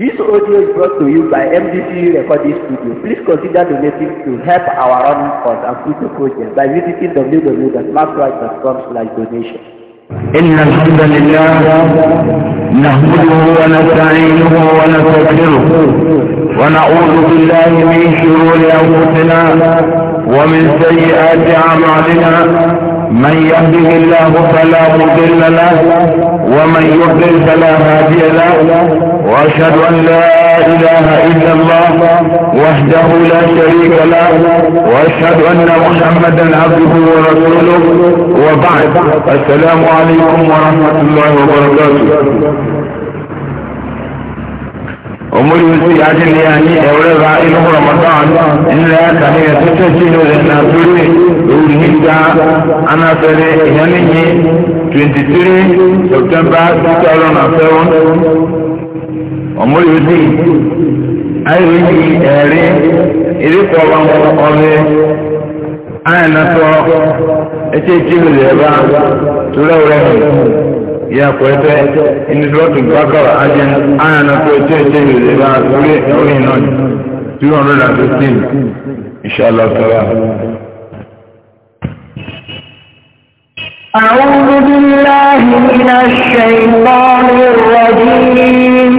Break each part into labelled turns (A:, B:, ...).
A: This audio is brought to you by MDC Recording Studio. Please consider donating to help our running cause and future projects by visiting www.maxwell.com slash donation.
B: إن الحمد لله نحمده ونستعينه ونستغفره ونعوذ بالله من شرور أنفسنا ومن سيئات أعمالنا من يهده الله فلا
A: مضل له ومن يضلل فلا هادي له واشهد ان لا اله الا الله وحده لا شريك له واشهد ان محمدا عبده ورسوله وبعد السلام
B: عليكم ورحمه الله وبركاته
C: omori otu ya adị na ya anyị ewereba ịnụhụ ramadan nne ya ka na-etete na ihe 23 september 2007
A: ọrụ
B: anyị na-atọ eche ya kwete ini slotin bakara ajin ana na kwete
A: ce ne da ba kure yawon nan 215 inshallah tara أعوذ بالله من الشيطان الرجيم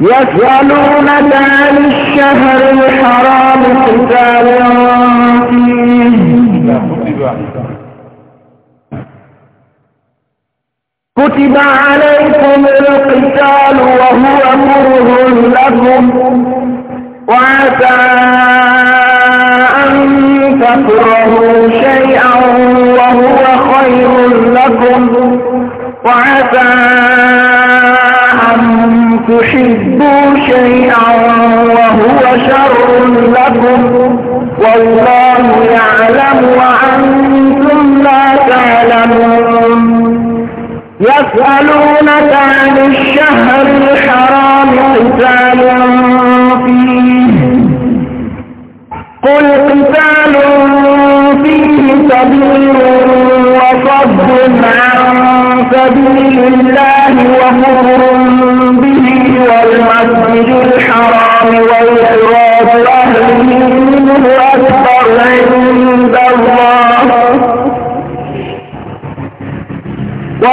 C: يسألونك عن الشهر الحرام قتال
A: فيه كتب عليكم القتال وهو كره لكم وعسى أن تكرهوا شيئا وهو خير لكم وعسى أن تحبوا شيئا وهو شر لكم والله يعلم وعلم يسألونك عن الشهر الحرام قتال فيه قل قتال فيه كبير وصد عن سبيل الله وكفر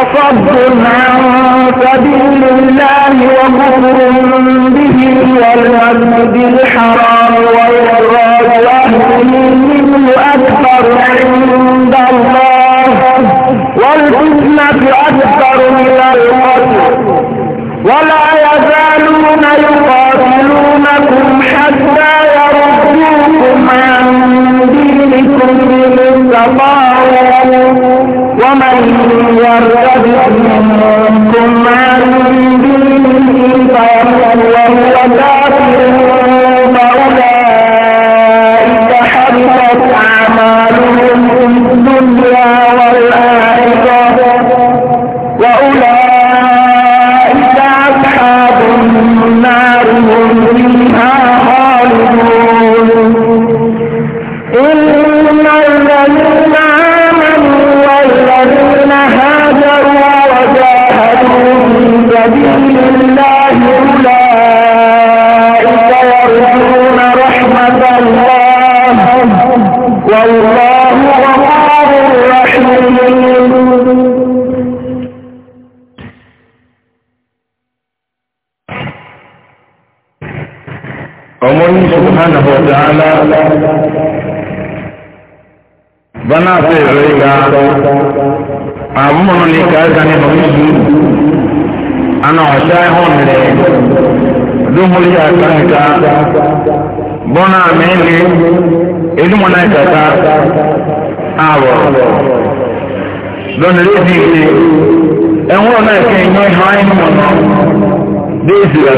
A: وصد عن
B: سبيل الله وكفر به والمسجد الحرام والغاد واهله
A: منه اكثر عند الله والفتنه اكثر من القتل ولا يزالون يقاتلونكم حتى يردوكم عن دينكم ان استطاعوا ومن يرتد منكم عن
C: náà fẹ́ ìrọ̀ ìka àmúhùn ní káàkiri ní ọmọdé ana ọ̀ṣá ẹ̀hún rẹ̀ dúmúlì àkànkà bọ́nà àmẹ́ni ìdúmọ̀nà
A: ìkàkà àwọ̀ lọ́nà lẹ́sìn ìgbé ẹ̀hún ọ̀nà ìkẹ́ ìyọ́ ìhàn ìmọ̀nà
B: déèsì rẹ̀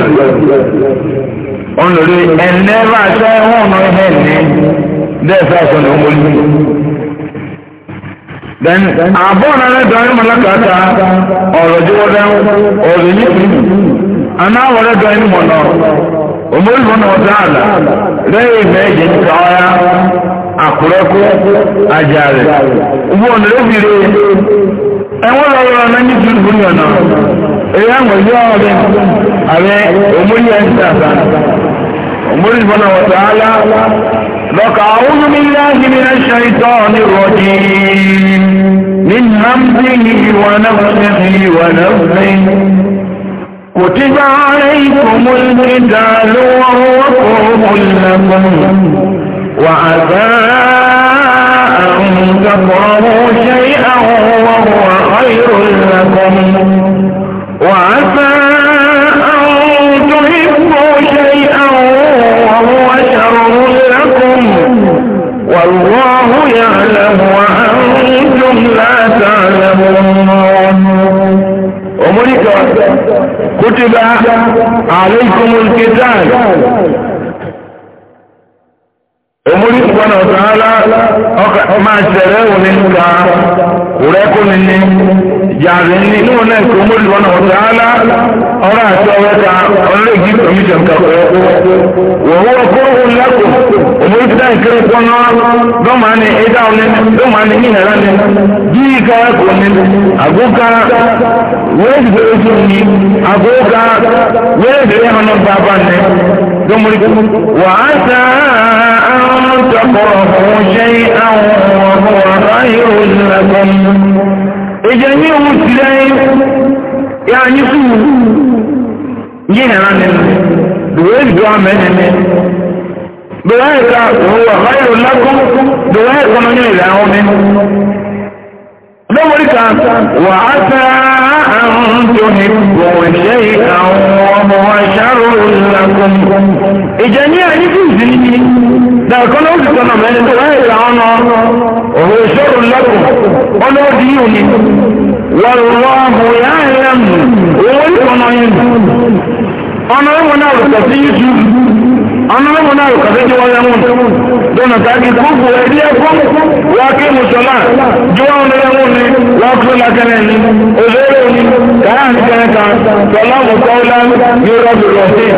B: ọ̀nà lórí ẹ̀nẹ́ bá aṣọ ẹ̀hún ọ̀nà ìhẹ́ ní dẹ́ẹ̀sì àṣọ ní ọmọdé
A: then àbọ̀ nana dọ̀rin malakata ọ̀rọ̀ jíwọ́dẹ́ ọ̀rọ̀ yìí fi àná wọlé dọ̀rin mọ̀nà òmòrì mọ̀nà ọ̀tá àlà lẹ́yìn ìfẹ́ ẹ̀jẹ̀ nípa ọ̀yá àkùrẹ́kù àjàrẹ̀ ugbó ọ̀nàdébìrì ẹ̀wọ̀n lọ́wọ́ ọ̀nà yìí fi gbóyàn náà èyí àwọn ìyá أمر وتعالى لك أعوذ بالله من الشيطان الرجيم من همزه ونفسه ونفسه كتب عليكم القتال وهو كره لكم وعسى أن تكرهوا شيئا وهو خير لكم وعسى والله يعلم وأنتم لا تعلمون أمريكا كتب عليكم الكتاب
B: omuli kubona otaala omansere oninka
A: urekunini jazinni noneka omuli kubona otaala orasoweka oregi commission kakweko wahuwa kurhun lakum omuli kitankire kwono domani idaunin domani nyiheranin jiikayakunin aguka wezigewesunni aguka
B: wezirehanon babanne
A: domuli wa asa تقربوا شيئا وهو خير لكم اجنيه اليه يعني سوء جنرا دويل دعا منه دوائك هو خير لكم
C: دوائك من
A: يلعون دوائك وعسى تحبون شيئا وهو شر لكم ìjẹniyà ní kí ìsìn ní dàkọ́ náà ti tọ́nà mẹ́rin tó wáyé ìlànà
C: òwe ìṣòro lẹ́kùn
A: ọ̀nà òdì yìí òní wọ́lọ́hù yá ẹ̀rẹ́mù owó ìtọ́nà yìí ọ̀nà ìwọ̀n náà rẹ̀ pẹ̀sí youtube أنهم نار قد يوامون دون تأكيد كفو وإيديكم وأقيموا الصلاة جوان يوامون لا أقول لك أنني أذيروني كان كان كان سلام قولا يرد الرحيم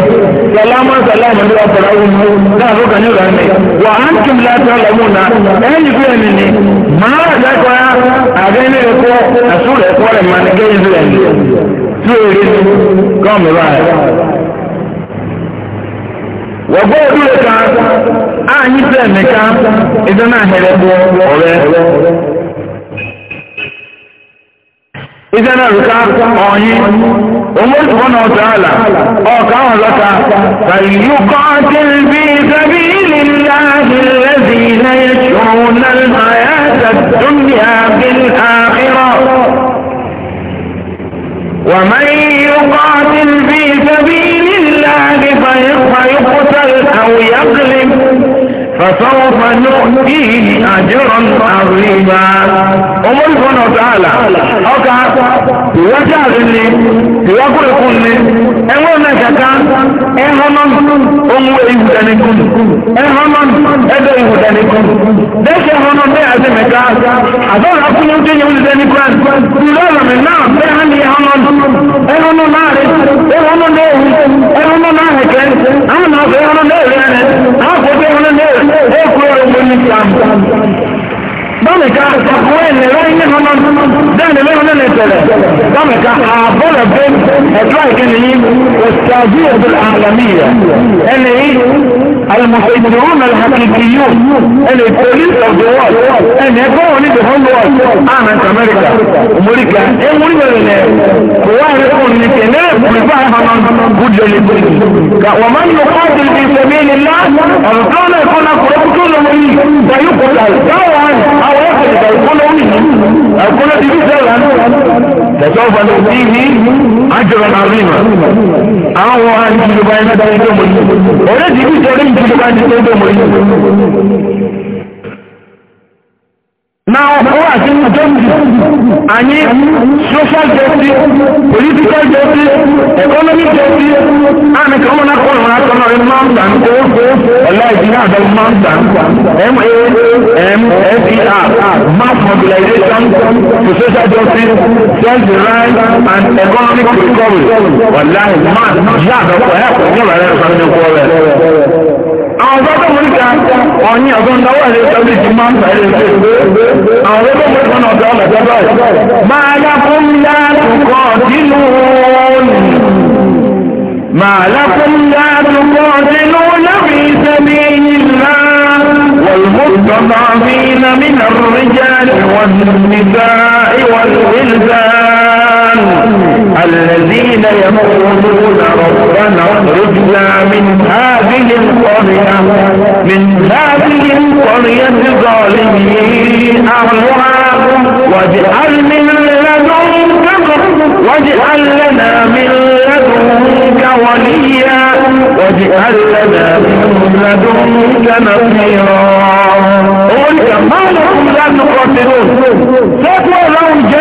A: سلام سلام يرد الرحيم لا أقول أن يرد وأنتم لا تعلمون أي فيني ما ذاك أغني لكم أسول أقول ما نجي فيني tí o rí kọ́ọ̀mù báyìí. wọ́gbọ́ òdúrẹ́ ká ààyí tẹ́ ẹ̀mẹ́ká ẹjọ́ náà hẹ̀rẹ̀ bọ́ ọ̀rẹ́
C: ẹjọ́ náà rúká ọ̀yìn omóṣùwọ́n náà tẹ́ àlà ọ̀ká wọn lọ́ta pẹ̀lú kọ́ọ̀tì bí sẹ́bí lílá ìrẹsì ilẹ̀ ìṣòro náà àyàtà dúnìá bí àkírọ̀
A: wàmáyé yóò kọ́ọ̀tì bí sẹ́bí lílá ìfàyẹ̀kọ́ يظلم فسوف نؤتيه أجرا عظيما أمر سبحانه وتعالى أوكا وجعل لي وقل كن أمرنا كتا أهمم أمو إهدانكم أهمم أدو إهدانكم ديك أهمم بي عزمك أدو أكون أمتين يولي ذانكم دولا من نعم بيهاني أهمم أهمم ناري أهمم ناري أهمم ناري أهمم ناري أهمم ناري أهمم ناري أهمم ناري ó kúrò lóko ní dọ́mìka ẹ̀kọ́ ẹ̀lẹ̀ lọ́yìn ní ọ̀nà dáàni lọ́yìn ọ̀nà ẹ̀tẹ̀lẹ̀ dọ́mìka àbọ̀lẹ̀ pé ẹ̀tọ́ ìkíni yìí ọ̀sàdí ọ̀dọ̀ àlàmìyà ẹ̀lẹ̀ yìí alùmọ̀sọ̀ ìdìrún alhàkìkì yóò
C: ẹ̀lẹ̀ pẹ̀lú ọ̀dọ̀ wọ̀ ẹ̀lẹ̀ ẹ̀kọ́ wọn ní ìdìrún wọ̀ ààrẹ amẹ́ríkà òmòríkà ẹ̀wọ̀n ìrẹ̀lẹ̀ kò wá ẹ̀kọ́ ní kẹ̀lẹ́ ìpínlẹ̀ àhàmà gúdọ̀ lè
A: gbé ka wọ́n máa ń lọ kọ́ọ̀tù ìfẹ̀mí ìlẹ̀ lá ọ̀rọ̀ tó náà kọ́ náà kọ́ ìgbà ìgbólóhùn yìí ẹ̀kúnlẹ̀ ti fi sẹ́yà lẹ́tọ́ fọlọ́ sí ní àjọrò náà rí mà àwọn àjùlùbá ẹni tó ń dọ̀mọ̀ yìí òun ti fi ní Now, who has been done any social justice, political justice, economic justice, and common economy, economy, mountain, Allah is not the mountain, M-A-M-S-E-R, mass mobilization to social justice, self rights, and economic recovery. Allah is man, yeah, that's what happened, you're
B: right, àwọn ọ̀dọ́ tó mú níta ọ̀yìn ọ̀dọ́ ń dáwọ́ ẹ̀rẹ́ máa ń sáré ṣe àwọn ọ̀dọ́ tó
A: mú ọ̀dọ́ ọ̀dọ́ báyìí. máa lákún látùkọ̀ sínú
B: máa lákún
A: والمستضعفين من الرجال والنساء والولدان الذين يقولون ربنا اخرجنا من هذه القرية من هذه القرية ظالمين أهلها واجعل من لدنك واجعل لنا من لدنك وليا واجعل لنا من لدنك
C: نصيرا قل كما هم لا تقاتلون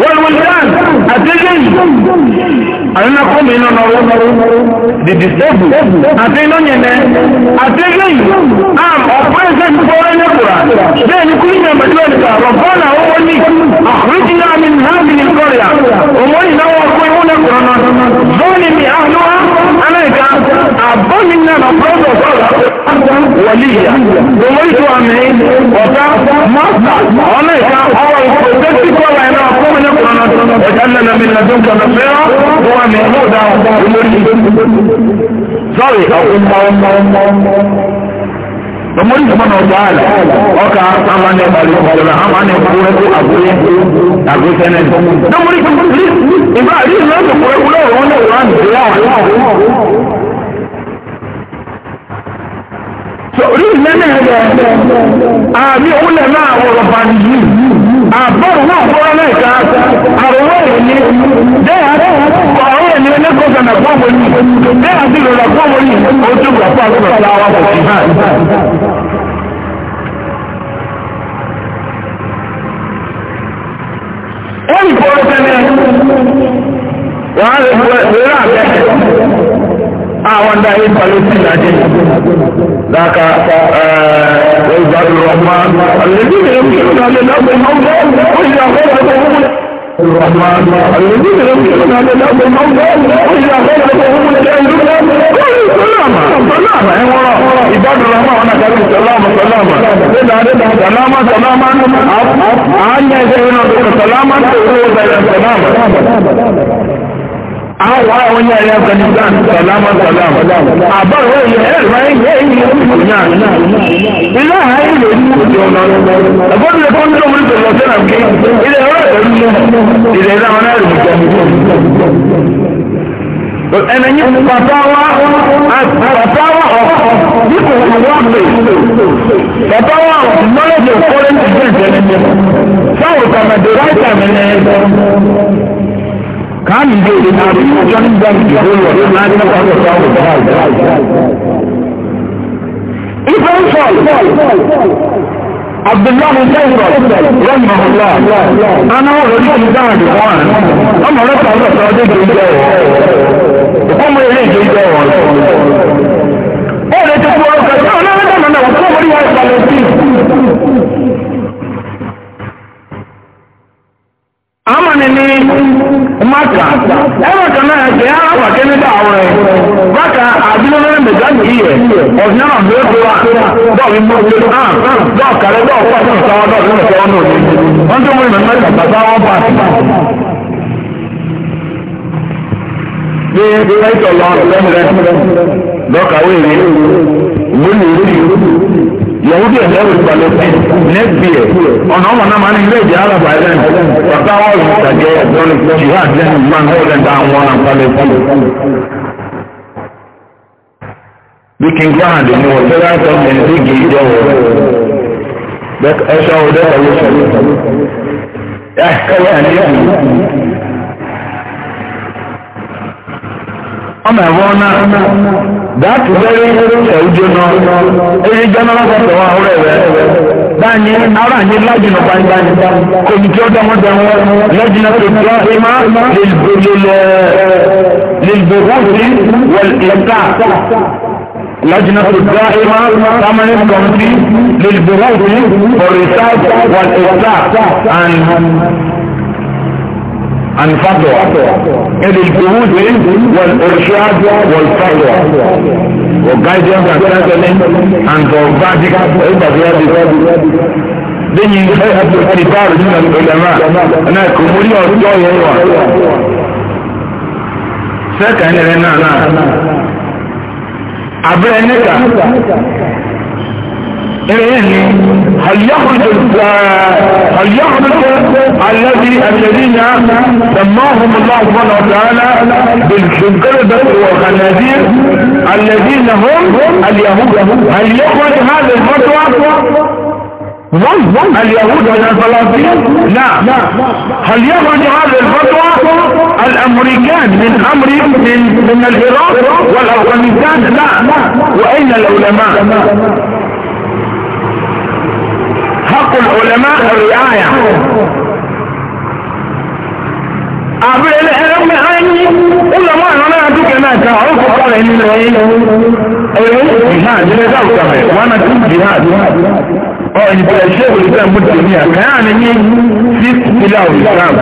A: wọ́lwọ́lwọ́n àtẹ́gẹ́ yìí
B: àwọn akọ́mọ̀ iná nọrọ
A: the disabled àti iná yẹnẹ àtẹ́gẹ́ yìí
C: àm ah, ọ̀pọ̀ ẹ̀sẹ̀ ti fọ́rọ́ ẹ̀yẹ kura bẹ́ẹ̀ ni kúrú ìyẹn pẹ̀lú ẹ̀ka rọ̀bọ́n àwọn owó ní àkùrìjì náà mi ní hàn mí ní kọ́rìà òun yìí náà wọ́n kó ìwọ́n náà kúrọ̀ náà
A: bọ́ọ̀nì mi àánú wa aláìka àbọ́ọ̀nì náà nà pọ́ọ̀dọ̀ wọlíyà òun yìí tó àmì ọ̀tá mọ́tà ọ̀nà ìka ọ̀rọ̀ ìfọ̀sẹ́sí kọ́ra وجعلنا من لدنك نصيرا هو محمود
B: sorry tọmọdé sọmọdé ọjọ àlẹ ọkà sáwọn ní ẹgbàá lẹkọọ lọrọ àwọn ní ẹgbàá wẹkọ àgbóyé àgbóyé sẹnẹ tọmọdé sọmọdé ìgbà rí ìlú ọjọ kọ ẹkọ lọrọ wọn náà wọn àti wọn. sọ rí ìlú ẹnẹ ẹgbẹ àmì òun lẹ náà wọlọpàá nìyí àbọ̀rọ̀ náà fọ́rọ́ náà ká àrùwọ́ èyí bẹ́ẹ̀ ọ̀rọ̀ èyí
A: ẹlẹ́kọ̀ọ́sán náà pọ̀ wọlé bẹ́ẹ̀ àti ìrọ̀lá pọ̀ wọlé ó tún wà pọ̀ àkókò láwa kò sí hàn.
B: wọ́n ní fọ́rọ́ tẹ́lẹ̀
A: wọ́n á lè wẹ́rẹ́ àbẹ́ ba wanda ya falusi na jin da ka wai zaɓi rama allazi da yanki yana da labar mamba wai ya fara da hukun الرحمن الذي يمكننا لله الموضوع وإذا خلقهم الجاهلون قالوا سلاما سلاما يا وراء عباد الرحمن وانا قالوا سلاما سلاما إذا عددها سلاما سلاما عن يجعلنا سلاما سلاما
B: àwọn àwọn ní ẹ̀rẹ́ Afghanistan salama salam àbáwọ̀ ẹ̀yẹ ẹ̀rọ ẹ̀yẹ ẹ̀yẹ ìgbònyà
A: ilé àáyé lè ní òjò ọ̀nà ẹ̀gbọ́n ilé kan tó mú ìtò lọ sẹ́nà kí ilé ọ̀rọ̀ ẹ̀rú mú ilé ẹ̀rọ àwọn ẹ̀rù
B: jọ ẹnì yín pàtàwà pàtàwà ọ̀kọ̀ dípò ìwọ́pẹ̀ pàtàwà knowledge of current events ẹni
C: sáwọn
A: kàmẹ́dẹ̀ right time ẹni
B: káàmì ń bèèrè náà bí wọ́n jọ nígbà ìdìbò lọ ní máa ń tẹ́kọ̀ọ́ lọ sọ ọ̀rọ̀ báyìí báyìí. Ifẹ̀ ń sọ Abdullahi Sẹ́yìnbọ̀ rọ́mọ̀ ọ̀la aná ọ̀rọ̀ ní ìdá àdìgbò wọn. Ọmọ rẹ̀ kọ̀ ọ̀rọ̀ sọ ọdún ìgbè jẹ́ ọ̀. Ìkọ́mọ ilé ìgbè ọ̀. Ó
A: ni maka ẹnì kan náà kì í ara pàkí níta àwòrán báka àdúgbòmọ́rin mẹ̀jáde yìí yẹ ọ̀sìn náà ló kó wa dọ́ọ̀bí mú un hàn dọ́ọ̀kàrẹ́ dọ́ọ̀kọ́ fún ìsáwọ́ dọ́ọ̀bí mú ìsáwọ́ náà lóyún wọ́n tó mú ìmọ̀ nípa ìgbàgbọ́ wọn pa àtìmá. bí ẹ̀ṣọ̀ lọ lẹ́nu rẹ̀ dọ́ọ̀kàwé rẹ̀ ìwé
B: yahudi ẹ̀dá wò ìpàlẹ̀ next year ọ̀nà ọmọ náà máa ní ilé ìdí araba ẹ̀dá ní bàbá wọn lù sàgẹ́ ẹ̀dọ́nì jihad lẹ́nu ìgbà náà ọ̀lẹ́ dá wọn náà palẹ̀ fún
C: bí king grand ni wọ́n fẹ́ràn gọ́ọ̀mẹ̀ntì dígì ìjọwọ́ ẹ̀ṣọ́ ọ̀dẹ́ta ló sọ̀rọ̀ ẹ̀kẹ́wẹ́ àníyàn ọmọ ẹ̀wọ́ náà dáàtù lẹ́rí ẹ̀wùjọ náà
A: èyí jẹ́nà lọ́sọ̀tọ̀ wà ó rẹ̀ rẹ̀ báyìí ara àyè lájìnà báyìí kòmìtì ọjọ́ wọn dẹ̀ wọn lájìnà tó tọ́ ìmá lèlbòwòsí wọ̀lẹ̀ká لجنة الدائمة ثمن كومتي للبروز والرسالة والإفتاء عن
B: الفتوى إذ الجهود والإرشاد والفتوى وقايدين فاتحين عن توقعتك وإذا في هذه
C: دنيا خيرة الكبار من العلماء أنا كمولي وجوي أيوة
A: سكن لنا أنا أبرنك إيه هل يخرج هل يخرج الذي الذين سماهم الله سبحانه وتعالى بالكذبة والخنازير الذين هم اليهود هل يخرج هذا الفتوى اليهود من الفلسطين لا هل يخرج هذا الفتوى الامريكان من امر من
C: من العراق والافغانستان لا واين العلماء
B: حق العلماء الرعاية
A: àbí ilé ẹlẹ́gbẹ́ ayé ọlọ́mọ àwọn náà dúkẹ́ náà kan àwọn kọ̀ọ̀kọ́ rẹ̀ nínú ẹ̀yìn
B: ẹ̀yìn jihad ilé dáwùtà rẹ̀ wọn àti jihad ọ̀yìn bẹ̀rẹ̀ ṣé olùsẹ́ ń bùtù ní àkàyà ni ní six pillar of islam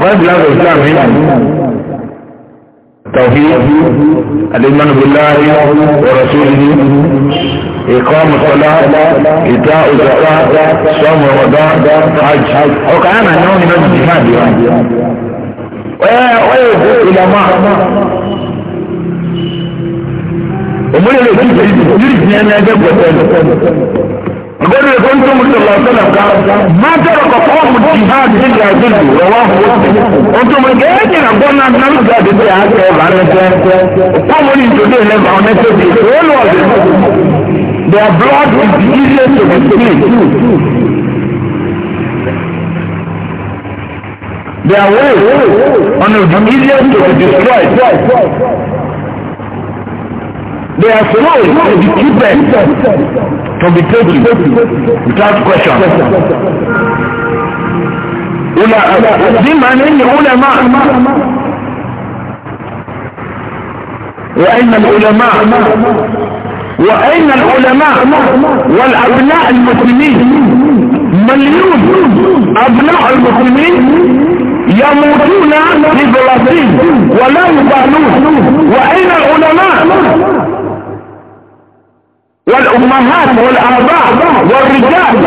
B: five pillar of islam yìí. توحيد الإيمان بالله ورسوله إقام
A: الصلاة إيتاء الزكاة صوم رمضان حج وكان أنهم من الجهاد
B: ويقول إلى ما ومن الذي يجري أن يجب يقول
A: كنتم صلى الله عليه وسلم ما ترك قوم الجهاد إلا جلد رواه مسلم أنتم الجاهدين أقولنا أن نلقى بسيئة قوم الجهاد قوم الجهاد لبعونة تبقى
B: Their blood is the easiest to explain. Their way on the easiest to be destroyed.
C: Their soul is the cheapest
A: to be taken without question. دي معنى ان العلماء وان العلماء وأين العلماء والأبناء المسلمين مليون أبناء المسلمين يموتون في فلسطين ولا يبالون وأين العلماء والأمهات والآباء والرجال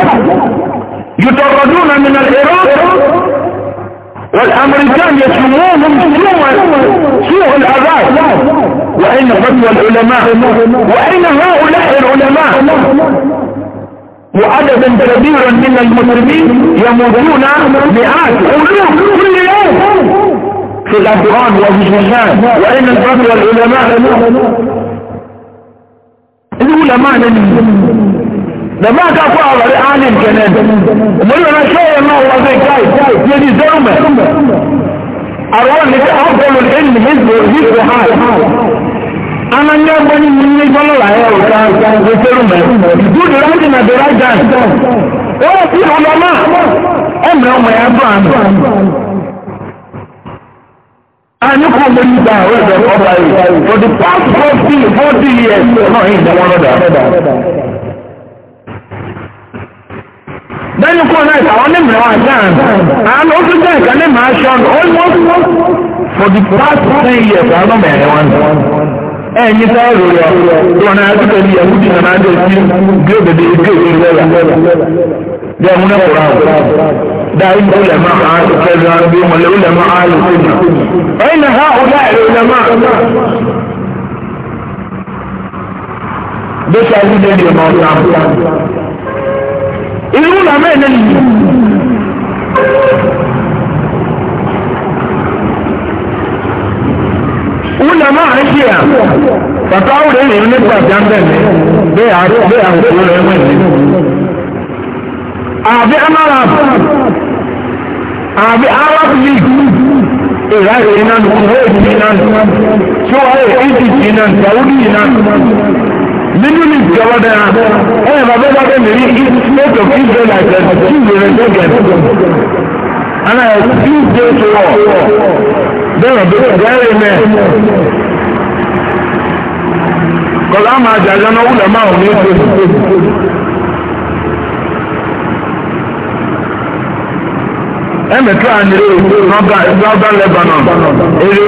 C: يطردون من العراق
B: والامريكان يسمونهم سوء سوء العذاب واين فتوى العلماء واين هؤلاء العلماء
A: وعدد كبير من المسلمين يموتون مئات الوف كل يوم
C: في الافغان وفي الشام واين فتوى العلماء العلماء
B: da ba ka ko a bari alim kenan muri na shaye ma wa zai kai ya ji zarma arwan ne ta afdalu ilmi hizbu hizbu hal
A: ana nya bani mun ne bala la ya ka ka ko zarma gudu radi na daraja o ti ulama emra ma ya ba an Ani kò mọ nígbà wẹ́ẹ̀dẹ̀ ọba yìí for the past forty forty years náà yìí ni wọ́n lọ́dọ̀.
C: lẹ́yìn kúrò náà ìtàwọn ní mìíràn àjáàn àwọn ó tún jẹ́ ìkan ní màá ṣọ́nù almost for the past ten years àwọn mẹ́rin wọn.
A: ẹ̀yin sọ ọ̀rọ̀ yọ tó wọn náà tó ní ẹ̀kú tí wọn náà dé sí bí òbèdè ìgbé òbí lọ́la bí ẹ̀mú náà kúrò àwọn. دائما علماء عالم كذا بهم العلماء عالم أين هؤلاء العلماء؟
B: بس أقول لي ما ìlú làmẹ́ ẹ̀ lẹ́nu yìí. wúlò máa ń ṣe à bàtà àwòrán ènìyàn nípa ìjàmbá mi bẹ́ẹ̀ àkókò rẹ̀ wẹ̀ ní. àbí amarab
A: àbí arab league ìráyè iná nù kúrò èyí iná nù tí wọ́n yẹ egypt iná nù saudi iná nù nínú ìjọba dára ẹ bàbá bá bẹ mìírí ìsìlẹtọ kíjọ làjẹ kíjọ rẹ gẹgẹ ana ẹ kíjọ tó wọ bẹẹ bẹ gẹrẹ mẹ kọlá máa jàjọ náà wúlọ máa ò ní í tóbi. ẹmẹtọ anyere n'ọba ọba lebanon ere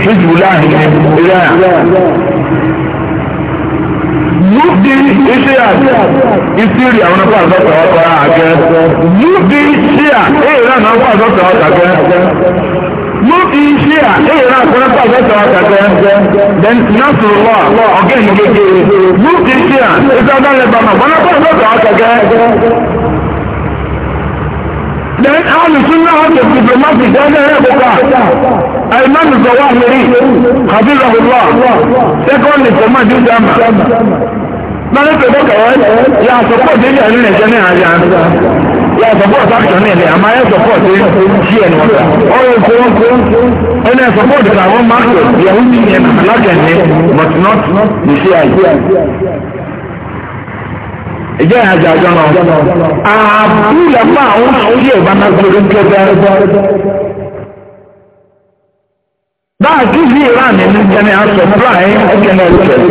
A: hezbollah ere a. Yúdí Ṣíà Ìsírì àwọn ọkọ̀ àzọ́tọ̀ ọkọ̀ àgẹ́. Yúdí Ṣíà èyí náà náà ọkọ̀ àzọ́tọ̀ ọkọ̀ àgẹ́. Yúdí Ṣíà èyí náà ọkọ̀ àzọ́tọ̀ ọkọ̀ àgẹ́. Then Násùrù wà ọ̀gẹ́ ìgbègbè. Yúdí Ṣíà ìsọdọ̀ lẹ́bàá mà gbọ́n ọkọ̀ àzọ́tọ̀ ọkọ̀ àgẹ́ then how you fit know how to diplomatic don dey help oga Imam Zawahiri Hafizahullah second in command in Jama. Mọ́lẹ́ pẹ̀lú kẹwàá yà sọ́pọ̀ délé ẹ̀rí rẹ̀ jẹ́ ní àyà. Yà sọ́pọ̀ sáàkì ní ẹ̀lẹ́ àmà yà sọ́pọ̀ sí sí ẹ̀nù ọ̀tà. Ọ̀rọ̀ kúrúkú ẹni ẹ̀ sọ́pọ̀ dìbò àwọn máàkì yẹ̀wù ní ẹ̀ alákẹ̀ni but not the CI. Ìjẹ́ ìhàjà àjọ náà. Àbúlẹ̀ fún àwọn òṣìṣẹ́ ìbánagbèrè kẹta báà gígí ìlànà ní jẹ́ni aṣọ fúlà yín ẹ̀kẹ́ náà ló tẹ̀lé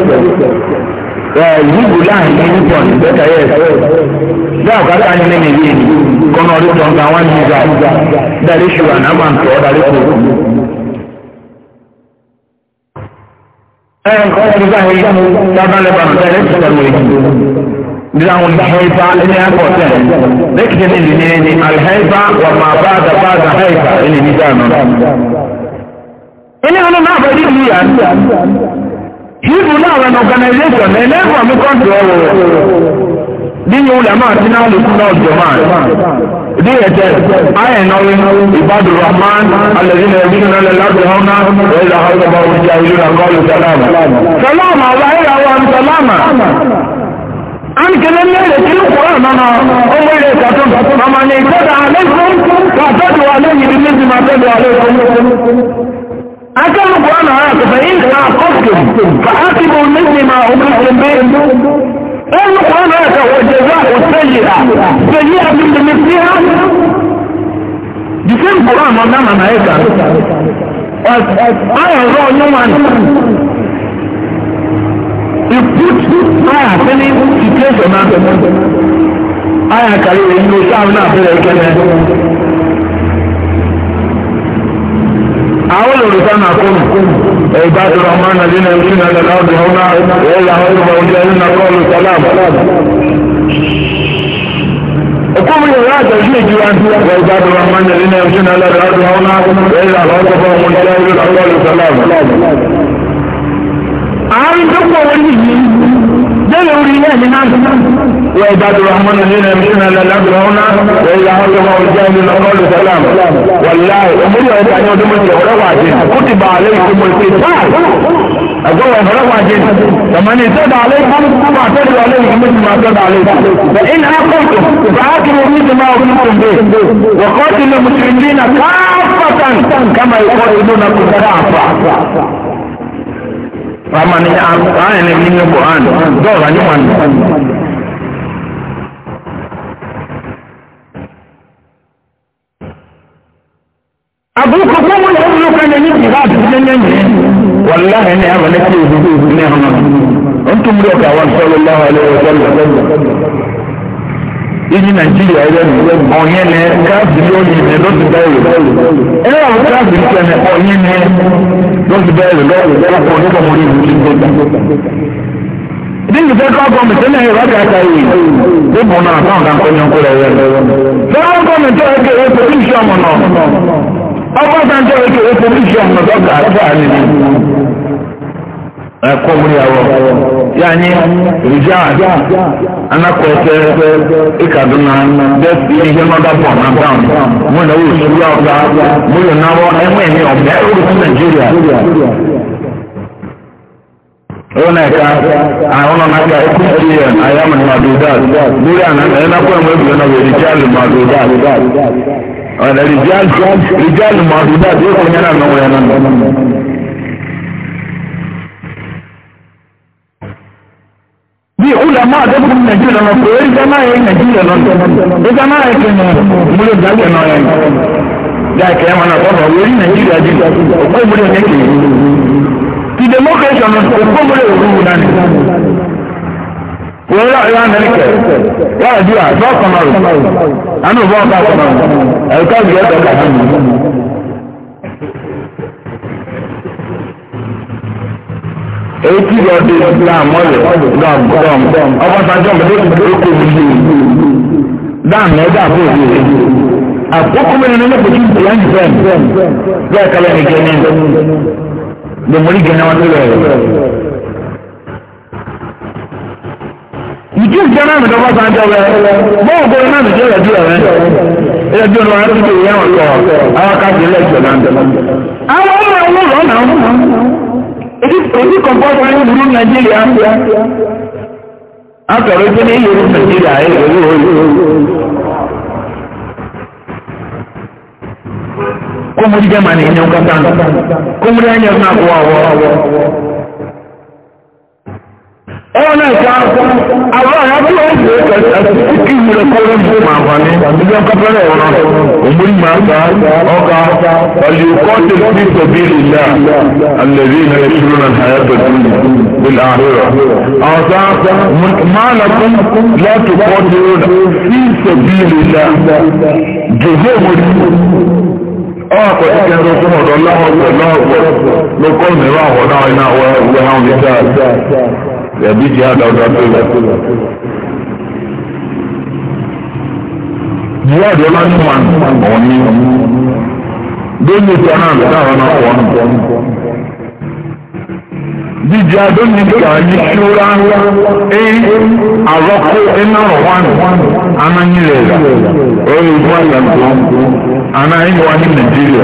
A: ẹ̀ yíbu láàyè ní nìkan nígbàkà yẹ bẹ́ẹ̀ ọ̀kadà ni ní nìyí ni kọ́nà ọdún tó ń ta wọn ní ìgbà
B: dárí ṣùgbọ́n náà máa ń tọ́ dárí kò.
C: ẹ̀ ń kọ́ ẹni báyìí dábàá lẹ́bàá náà dárí ṣùgbọ́n wọ̀nyí
A: bilan haifa ne ya kwata ne ne ne alhaifa wa ma ba da ba da haifa ne ni da nan ilé ìlú náà bẹ̀rẹ̀ ìlú yà ìbù náà rẹ̀ organization ẹlẹ́gbọ̀n mi kọ́ntì ọwọ́
B: bí yóò lè máa tí náà lè kú náà jọ máa bí ẹ̀jẹ̀ ayẹ̀ náà
A: ìbádùn rahman alẹ́bí náà bí náà lẹ́lábì ọ̀nà ẹ̀là ọ̀gbà òjì àìlú náà kọ́lù sàlámà sàlámà wà ẹ̀rà wà ní sàlámà
C: ànkẹ́lẹ́ mẹ́rẹ̀ tí ó kọ́ ọ̀nà owó ilẹ̀ ìkàtún ọmọ ní ìkọ́dà alẹ́kùn
A: أكلم قرآن هذا فإن
B: أعقبتم فعاقبوا مثل ما أمرتم به
C: قال القرآن هذا هو الجزاء السيئة سيئة بمثلها
A: جسم قرآن ومنام أنا هيك
B: أنا أرى يوما
A: ìpútù náà fẹ́ni ìkéjọ náà ayà kàrí ìlú sáà náà fẹ́rẹ̀ kẹ́lẹ́ àwọn olùsọ náà kọ́ mi. ẹ̀dá tó lọ máa ń nàdí náà sí náà lọ́wọ́ bí wọn náà wọ́n yà wọ́n bá wọn jẹ́ ẹni náà kọ́ olùsọ náà bọ̀. Ẹ̀kọ́ mi yàrá àjọ̀jú ìjìlá ń tiwa. Ẹ̀dá tó lọ máa ń nàdí náà sí náà lọ́wọ́ bí wọn náà wọ́n náà kọ́ olùsọ àárín tó pọ̀ wọ́n yìí jẹ́
C: وعباد الرحمن الذين يمشون على الارض هنا واذا حكموا الجاهل قالوا سلام والله امري ان ان يدوم الجهل كتب عليكم القتال أقول فرق عجين
A: فمن اعتدى عليكم فاعتدوا عليه مثل ما اعتدى عليكم فإن عاقبتم فعاقبوا مثل ما عاقبتم به وقاتلوا المشركين كافة كما يقاتلونكم كافة
B: فمن عاقبتم فأنا من القرآن دور عن يوم
C: wallahi ne amma na ce
A: ne amma an tun da ka wani sallallahu alaihi wa sallam ní nàìjíríà ẹgbẹ́ mi ọ̀yẹ́ ni káàsì lónìí ni ló ti bẹ́ẹ̀rù ẹ àwọn káàsì tẹ̀ ní ọ̀yẹ́ ni ló ti bẹ́ẹ̀rù lọ́pọ̀ nípa mo ní ìlú ti gbọ́dọ̀. Níbi fẹ́ kọ́ gọ́ọ̀mẹ̀tì náà ìwà kàkà yìí, dìbò náà náà kà ń kọ́ yẹn kúrẹ̀ yẹn. Fẹ́ràn gọ́ọ̀mẹ̀tì ọ̀kẹ́ ẹ̀ pòlíṣì ọ̀mù náà. Ọgbọ́n sáńtẹ̀ ọ̀kẹ́ ẹ̀ pòlíṣì ọ̀mù náà dọ́kà àti àlejò. ẹ̀kọ́ múlíyàwó yanyi rìjà ìkàdúnà bẹẹsì ìyẹ nọdà pọ nàdàm mú nà wò sùúrù ọgbà mú yóò náwó ẹmú ẹni ọbẹ ẹrú fún nàìjíríà
B: wọn ẹka àwọn ọmọ náà ẹkú sílẹ ayámẹ
A: màdùdàd lórí àná ẹnakọ ẹmú ọ̀nà bí ulama àdébùkù nàìjíríà lọ pé ẹjẹ náà yẹ nàìjíríà lọ ẹjẹ náà yẹ kẹnyẹ múlò jáde náà yẹ jáde kẹyẹ máa nà sọfọ wọlé nàìjíríà jù ọkọ ìmúlò yẹ kẹyẹ ti democracy ọ̀nà òkú múlò wù náà ni wọ́n yà yà nà nìkẹ́ yà á di à sọ́ọ̀kọ̀ rẹ̀ àná
B: èyí lọ dé dáàmú ọ̀lẹ̀ dọ̀m dọ̀m ọgbọ́nsájọ́ mẹ́lẹ́
A: ìgbèrókò nílé dáàmú ẹ̀dá àbúrò rẹ̀ àkókò mẹ́rin ní lẹ́kọ̀ọ́ tí ń tẹ̀yà ń jẹ́ bẹ́ẹ̀ kálẹ̀ ní gẹ́ni
B: lòmórí gẹ́ni wọn nílẹ̀ rẹ̀. ìdí ìjẹ́ náà mi dọ́gba sáájọ́ rẹ̀ bọ́ọ̀ bọ́ọ̀ náà mi jẹ́ ẹ̀dí rẹ̀ ẹ̀dí ọ̀nà wọn ti tẹ̀yà wọn
A: lọ àwọn káàkiri lẹ́jọ̀ náà.
B: àwọn ọmọ ẹ̀wọ̀n lọ́nà It is only compulsory to rule Nigeria.
A: After originally you rule Nigeria,
B: kó mo jẹ́ màá ní ẹ̀yàn kátà kó mo rí ẹ̀yàn náà wọ̀ wọ̀ wọ̀ ọ̀nà ìta àwọn ará tó ń fi kí ìwúrẹ́ kọ́lé fún màá wà ní ìjọ kápẹ́rẹ́ ọ̀nà òmùrí màá
A: ta ọ̀ka ọ̀lẹ́kọ́ tó fi tẹ̀bí ìlà alẹ́bí iná ìṣúná náà tàyà pẹ̀lú ìlà àhúrà. ọ̀sá máa lakún láti kọ́ tó fi tẹ̀bí ìlà jòjó òmùrí
B: ọwọ́ àpẹẹrẹ kí ẹni tó mọ̀tọ́ láwọn ọ̀pẹ̀ láwọn ọ̀pẹ̀
A: ló kọ́ ìmìíràn àwọn náà iná àwọn ẹgbẹ́ náà ẹbí ti àdọ́dọ́ tó lọ.
B: Jihad ọlá ní wọn àwọn ní wọn. Dóní ìtọ́ náà lọ táwọn náà wọ̀ ọ́n.
A: Jíjẹ adóni gbà yí ṣúra é àrọ́kọ́ iná rọ̀ wánù anáyí rẹ̀ rà. Ó yẹ kó àgbà tó anáyí wá ní Nàìjíríà.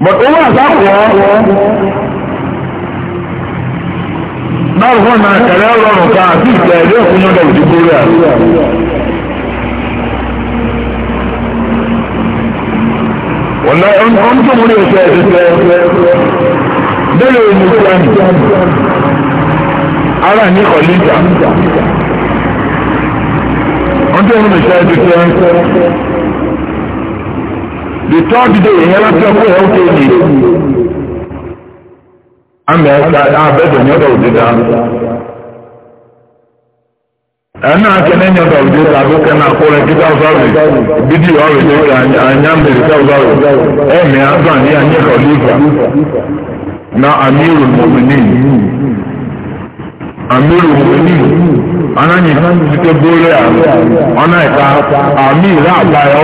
A: but owó àsákòó
B: báwo fún ọ̀nà ẹ̀rẹ́ ọlọ́run kan àti ìtẹ̀ ẹ̀rẹ́ òkú ní ọ̀dọ̀ òdìbò rẹ̀. wọ́lá ọ̀n tó múlẹ̀ ẹ̀sẹ̀
A: ẹ̀sẹ̀ bẹ́ẹ̀ ló mú sẹ́ni ara ní kọ̀líjà ọ̀n tó múlẹ̀ ẹ̀sẹ̀ ẹ̀sẹ̀ the third day ìyẹn láti ọkọ ẹ̀ ó kéde àmì ẹ̀ka abẹ́dẹ̀ nyọ́dọ̀ òdìdá ẹ̀nà akẹ́nẹ́ nyọ́dọ̀ òdìdá tàbí kẹ́nà àkọlẹ̀ kíkà ọ̀sọ́rì bídí ọ̀rì tó kà ányá mèrè kíkà ọ̀sọ́rì ẹ̀mí azọ àníyàn nyẹ́kọ̀ọ́
B: lífà na amírù mọ̀mìnì àmìrò òní anáyì títẹ bóore àrùn ọ̀nà ìka
A: àmì ìlà àbáyọ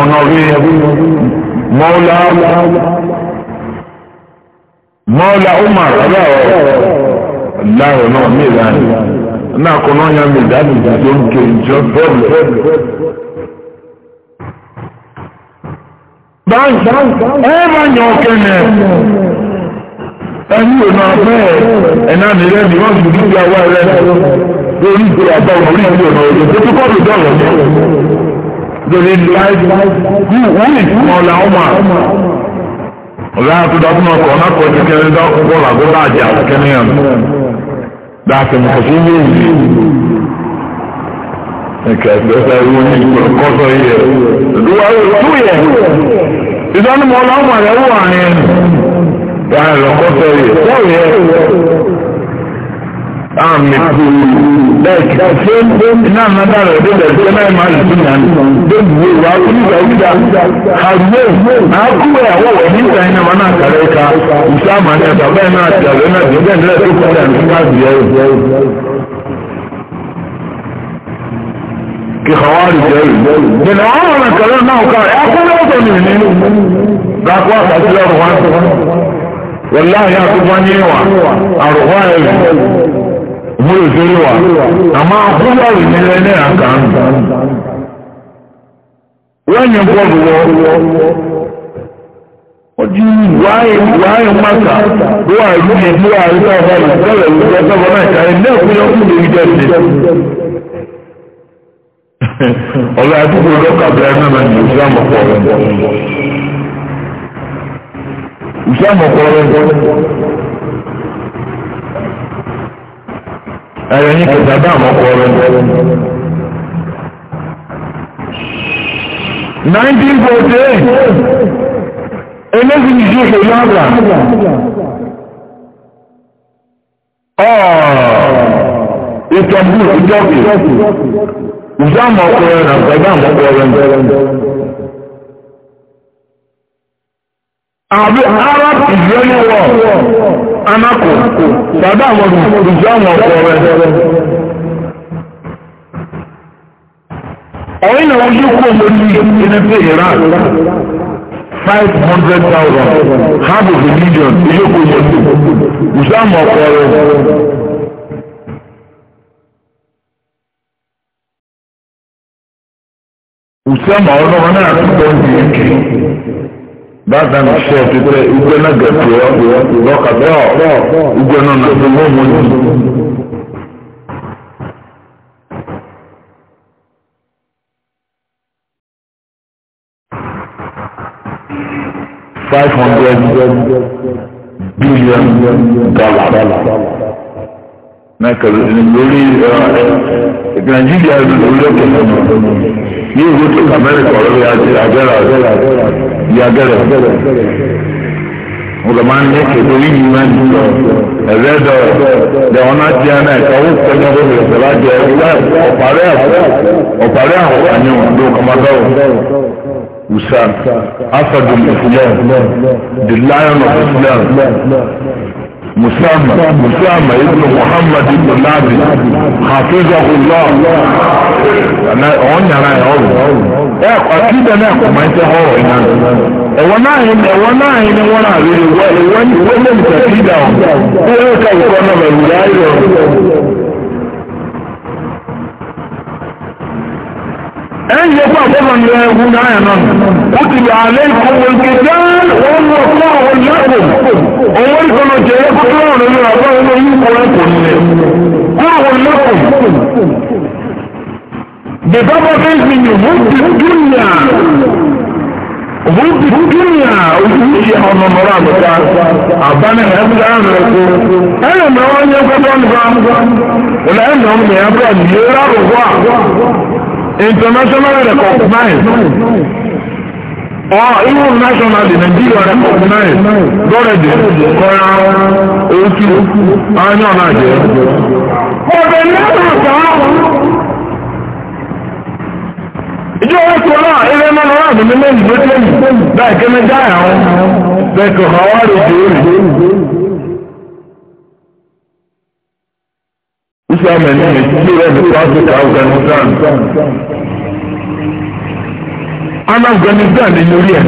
A: ọ̀nà rí mọ́ọ́lá mọ́ọ́lá umar aláwọ̀ láwọ̀ náà ní ìlànà náà kọ́ náà yá mi ìdánù tó ń ìjọ bọ́ọ̀lù. báyìí ẹ máa yàn ẹni ò náà fẹ́ ẹ̀nà nílẹ̀ ni wọ́n gbùdú bí awọ́ rẹ̀ lórí ìgbé àbá orí ìgbé ọ̀nà òde tó tó kọ́ọ̀dù dọ̀rọ̀ ní lórí láìpẹ́ wọ́n ìfún ọ̀la ọmọ
B: ọ̀la àtúndàkùn ọkọ̀ náà kọ́ ti kẹrin dọ́kọ̀ làgọ́dá àjà kẹ́niyàn dáàkì mọ̀kọ́sí ní èyí ìkẹ̀ẹ́sẹ̀ ìwọ̀n
A: ìkọ̀sọ̀ yẹ ìdúwà tó yẹ ìdánimọ̀ ọ̀la ọmọ rẹ̀ wù àárín wà á lọ kọ́tọ̀ yìí sọ́ọ̀rì ẹ̀ àmì lẹ́ẹ̀kì ṣé iná nàdà rẹ̀ dé lẹ́sẹ̀ náà máa lè fún yàn débi wo wà á kú nígbà wíjà àgbo àákúwẹ̀ àwọ̀wẹ̀ nígbà yẹn náà máa kàrẹ́ ka ìṣá àmà ní ẹ̀ta bẹ́ẹ̀ náà ti àgbẹ̀ náà ti bẹ́ẹ̀ nílẹ̀ tó kọ́ ẹ̀ nígbà bìẹ́
B: kí kọ̀wárì jẹ́ ìgbẹ́ ìgbẹ́ àwọn ọ̀rọ̀ kẹrẹ́ náà kọ́ ẹ̀ akọ́lẹ́ ọ̀tọ̀ nìyí
A: wallahi ya tufanye wa aruhwaye muri zuri wa amma akwụkwọ rinyere ne aka ndụ wanye gwọgwọ ojú
C: wáyé wáyé maka wá ìlú ní ìlú àríkà ọ̀hún ìgbẹ́lẹ̀ ìlú ọ̀sọ́gbọ́n náà ìkàrí náà pọ̀
B: ìsìlámù ọ̀pọ̀lọpọ̀ ẹ̀rọ yín kẹta dáàmú ọ̀pọ̀lọpọ̀. nineteen forty eight
A: eléyìí ìṣe ìṣèlú àgbà ètò àbúrò
B: ìjọba ìsìlámù ọ̀pọ̀lọpọ̀
C: ẹ̀rọ àgbà dáàmú ọ̀pọ̀lọpọ̀.
A: Abi Arab Israeli war anako Saddam was Islam war for
C: it. na
A: náà yóò kó ọmọ ní ìnẹ́fẹ́ Iran five hundred thousand
B: half of a million yóò kó ọmọ ní Islam war for it.
A: Usama ọlọ́run náà tún ní ẹ̀kẹ́. bàtà ní sẹ pípẹ́ ìgbẹ́ náà gẹ̀ẹ́sì ọ́ lọ́kàtọ́ ìgbẹ́ náà nà tó mọ́ yìí.
C: five hundred
B: billion dollar náà lórí nàìjíríà lórí ọ̀kẹ́
A: yìí wọ́n tó amẹ́ríkà ọ̀rọ̀ yà jẹ́ yagẹrẹ ọgbọ̀n ní kẹtọ yìí máa ń dùn ẹ̀rẹ́ dọ̀ ẹ̀ ọ̀nà tí a náà ẹ̀ka owó pẹ̀lú ọgbọ̀n bẹ̀rẹ̀ pẹ̀lú àjẹ ẹ̀rẹ́ ọ̀pàrẹ́ àwọ̀ ọ̀pàrẹ́ àwọ̀ àyẹ̀wò ló usa asadu islam the lion of islam. مسامة مسامة ابن محمد بن نادي حفظه الله أنا أنا أنا أنا أكيد أنا ما أنت هو هنا وانا هنا وانا هنا وين هنا وانا هنا وانا هنا وانا
B: ẹ̀yìn yẹ fún àbọ̀bọ̀ ní ẹ̀wù náà náà ó ti yà alẹ́ ìkọ̀wé kẹjá òun lọ fún àwọn ìyàwó òun wọ́n kọ́nà jẹ́ ẹ̀kọ́ tó rọrùn lórí àbọ̀
A: òun yìí kọ́ ẹ̀kọ́ nílẹ̀ kọ́ àwọn ìyàwó.
B: The Bible says
A: in you, who the dunya, who the dunya, international recognized or even nationally nigeria recognized lọ́rẹ̀dẹ̀ kọ́ra ojú ayọ́ náà jẹ́. ọ̀bẹ̀ lẹ́nu ọ̀gá ìjọ wọn tó náà ilé mọ́nà wà ní mímọ́ ìgbésẹ̀ yìí bẹ́ẹ̀ kí ní dáhà wọn bẹ́ẹ̀ kò hàn wá lóde òní.
C: iṣẹ́ ọmọ ẹni mi ti rẹ̀ ní pàṣípà Afghanistan. An Afghanistan ni lórí ẹ̀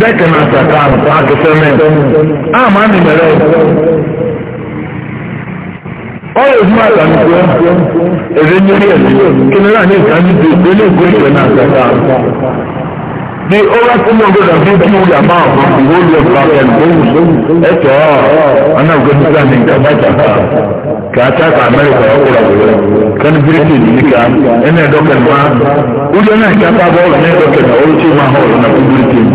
C: dẹ́kẹ̀ náà ṣàkà àkẹsẹ́ mẹ́. Àmà ni mẹ́rẹ̀.
A: Ọ̀rọ̀ ìfún àtàmì tó èrè ní orí ẹ̀ kí ni láàrin ìkànnì tó ìgbélé ìgbélé náà ṣàkà. the over two hundred and fifty million amount of the whole of Babylon ẹ̀tọ́ anagunisa ní kàbàtà kàtà kà amẹ́ríkà ọ̀kúra wọlé kánú britain nìkà ẹ̀nà ẹ̀dọ́kẹ̀ nù wá ọjọ́ náà kàtà bọ́ọ̀lù ní ẹ̀dọ́kẹ̀ nà ọ̀rọ̀ tí ma hàn ọ̀nà fún britain.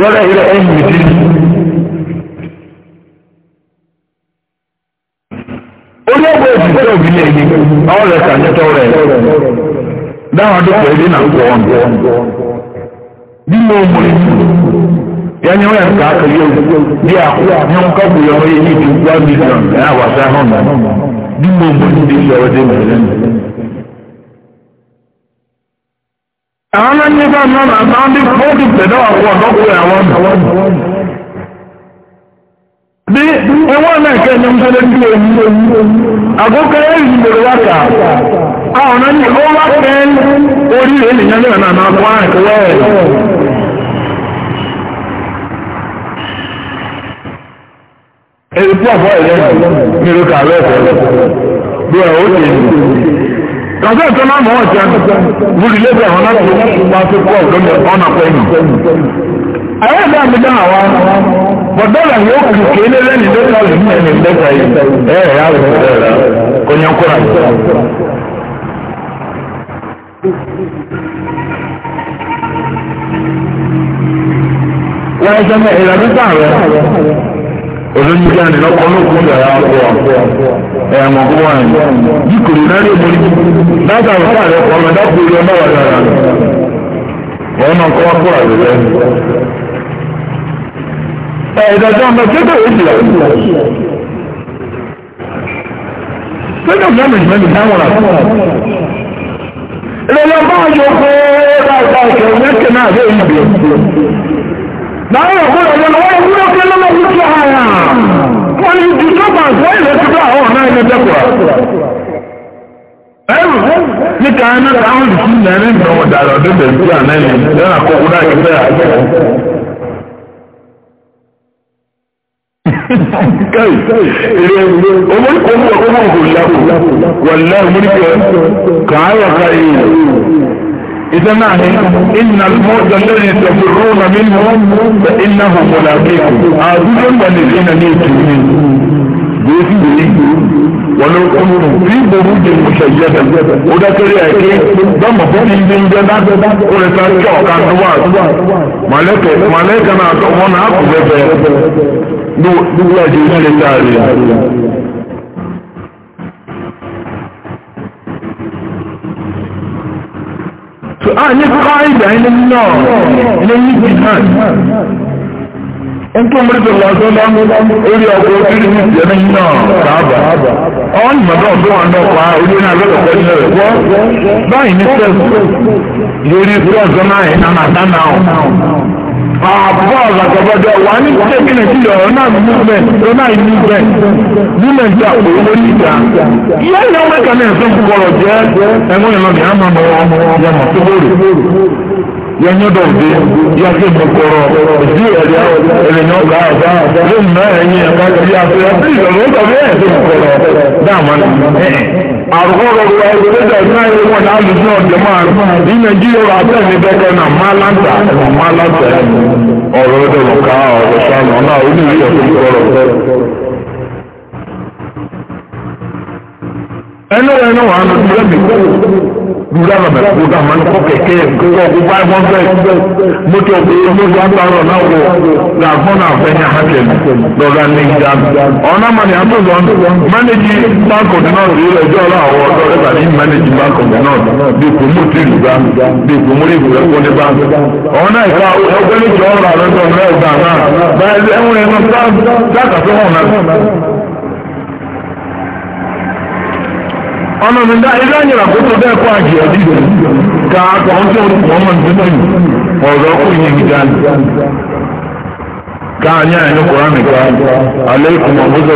B: wọ́n yẹ ẹ̀yìn ti olóògbé òṣìṣẹ́ òbí lẹ́yìn ọ̀rẹ́ kà ní tọ́rẹ̀. dáhùn adókòó ẹbí náà gbọ́ ọ̀nà bí mo mọ ìlú yẹn ni wọn kà á kọ yóò bí àkó ní wọn kọ́kù yọ ọmọ yẹn ní ìdí one million ẹ̀ àwàsá hàn náà bí mo sọ̀rọ̀ dé mẹ́rin.
C: àwọn ẹni bá pẹ̀lú àwọn ọ̀dọ́kùnrin àwọn ọ̀dọ́kùnrin.
A: ẹni ń gbọ́dọ̀ bí èyí àkókò ẹ̀yìn ìgbèrò wá kà àwọn ọ̀nà a ó wá pẹ́ orí rẹ̀ nìyẹn náà náà máa wá ìkọwọ́ ẹ̀.
B: èyí tí àbọ̀ ẹ̀yẹ mèrò kà lẹ́ẹ̀kọ́ bí ẹ̀ ó ti
A: kàtó ìtọ́ náà mọ̀ ọ̀tí ẹni wúri lébẹ̀ àwọn náà tó wá tó pọ̀ lónìí ọ̀nà pẹ̀lú. àyẹ̀dá mi dá àwa bọ̀dọ́là yóò kù kéèlé lẹ́ni dẹ́ta lè ní ẹni dẹ́ta yìí ẹ̀rẹ̀ yà lè fẹ́ rẹ̀ kọ́nyánkúrà yìí.
B: wọ́n ẹsẹ̀ mẹ́ ìlànà sáà rẹ̀ olóyún bí àná lọ́kọ́ lókun yàrá ọkọ̀ ẹ̀wọ̀n kó wà ní. jíkòrò náà lè
A: mọ ibi láti àwọn sáà rẹ̀ kọ́ ọmọdé kúrò lọ́wọ́ dára. wọ́n náà
B: kọ́ wá kúrò àgbẹ̀dẹ́
A: ẹ̀ẹ́dọ̀jọ́ ọmọ tó tó
B: èsì rẹ̀ tẹ́lẹ̀ gọ́ọ̀mẹ̀ntì mẹ́rin táwọn rà ìrọ̀lẹ́ bá wọn yóò kó láìpá ìkẹ̀rù mẹ́kẹ̀ náà lé ìbí láàrín ọ̀pọ̀ ìrọ̀lẹ́ wọn yóò wúlò pé lọ́wọ́ wú sí ara wọn ni disturbance wọ́n ìlú ti bá àwọn ọ̀nà ilẹ̀ dẹ́kùrà
C: ẹrù ní káyọ̀ náà táwọn ìsúnlẹ̀ ní ìdánwò dàrọ̀ dẹ́bẹ̀ẹ́ bí àná ìlú
A: kai ire omori ko mu ko mu ko lahu wallahi muri ko ka ya kai idan na ne innal mawt alladhi tafirruna minhu fa innahu mulaqikum azun walladhina yu'minun bẹ́ẹ̀ sì lè wọ́n ló kún un bí gbogbo jẹ ìṣẹ̀yẹ́dẹ̀ ó dákẹ́rẹ́ ẹ̀kẹ́ bẹ́ẹ̀ fún mi ní jẹ́ dájọ́ ó lè sáré kí ọ̀kan tó wà mọ̀lẹ́kẹ̀ mọ̀lẹ́kẹ̀ náà tó wọn náà kù bẹ́ẹ̀ nígbà tí ó ṣe sáré
B: so a ní káàdà ilé náà ilé yìí ti hàn
A: nítorí mọ́tò lọ́sọ́lá orí ọkọ̀ ojú ní ìjẹ́mí náà sábà ọ́n ní mọ̀tò ọ̀dọ́ wọn náà pa orí náà lọ́dọ̀ pẹ̀lú rẹ̀ wọ́
B: báyìí ní sẹ́ẹ̀sì
A: lórí fúlọ̀sọ́nà ẹ̀ náà náà náà
B: àbúrò àgbàgbọ́dọ̀ wà ní tẹ́kí
A: nàìjíríà ọ̀nà movement ọ̀nà movement movement àpò owó níta yẹ́ ní ọmọ ìkànnì ẹ̀sán kúkọrọ̀ jẹ́ ẹ̀mọ́ ìlànà àmàmọ́ ọmọ ọmọ tó bóòrè yanyo dɔw bɛ yake mu kɔrɔ di ɛdiya ɛdiya ka ɛdiya ɛdiya mu n'ayɛ nyi ɛka ti a fɛ ɛdi sɔrɔ o tɔbi ɛyɛ ti mu kɔrɔ dama na ɛɛ arugɔ dɔ do ayi o tɛ n'a ye wɔn n'alu fi hàn jama ni nàìjíríà wà fẹ́ mi bɛ kɛ na malanta malanta ɔrɔ dɔ lɔ ká ɔrɔ sanu ɔna o ni yɛ fi kɔrɔ.
B: ɛnu ɛnu wà á nà ti yɛ mi kɔrɔ gbúdọ̀ bẹ̀ gbúdọ̀ máa ń kọ́ kẹ̀kẹ́ kọ́ bá wọn bẹ́ẹ̀ mọ́tò
A: ọ̀gbìn mọ́tò àtàrọ̀ náà wọ̀ làgbọ́n náà fẹ́ ní àhàkẹ́ lọ́gà ní ìjà ọ̀nà mọ̀ni àtọ̀gbọ́n mánéjì báńkò náà rí ẹjọ́ ọlọ́wọ́ ọ̀dọ́ rẹ̀ tàbí mánéjì báńkò náà bí kò mú ti lùgbà bí kò mú rí ìbùrẹ́ kọ́ ní báńkì. ọ̀nà ìka ọgbẹ́ni jọ̀ọ́ ọ̀nà mi dá ilé ẹ̀yìn àkókò bẹ́ẹ̀ kọ́ àjẹ́ ọ̀dídẹ̀ ká àpò àwọn tí wọ́n mọ̀ ní sẹ́yìn ọ̀rọ̀ kò yẹ gíga ni.
B: ká ní àyìn kura nìkan alẹ́ ìkùmọ̀ mọ́tò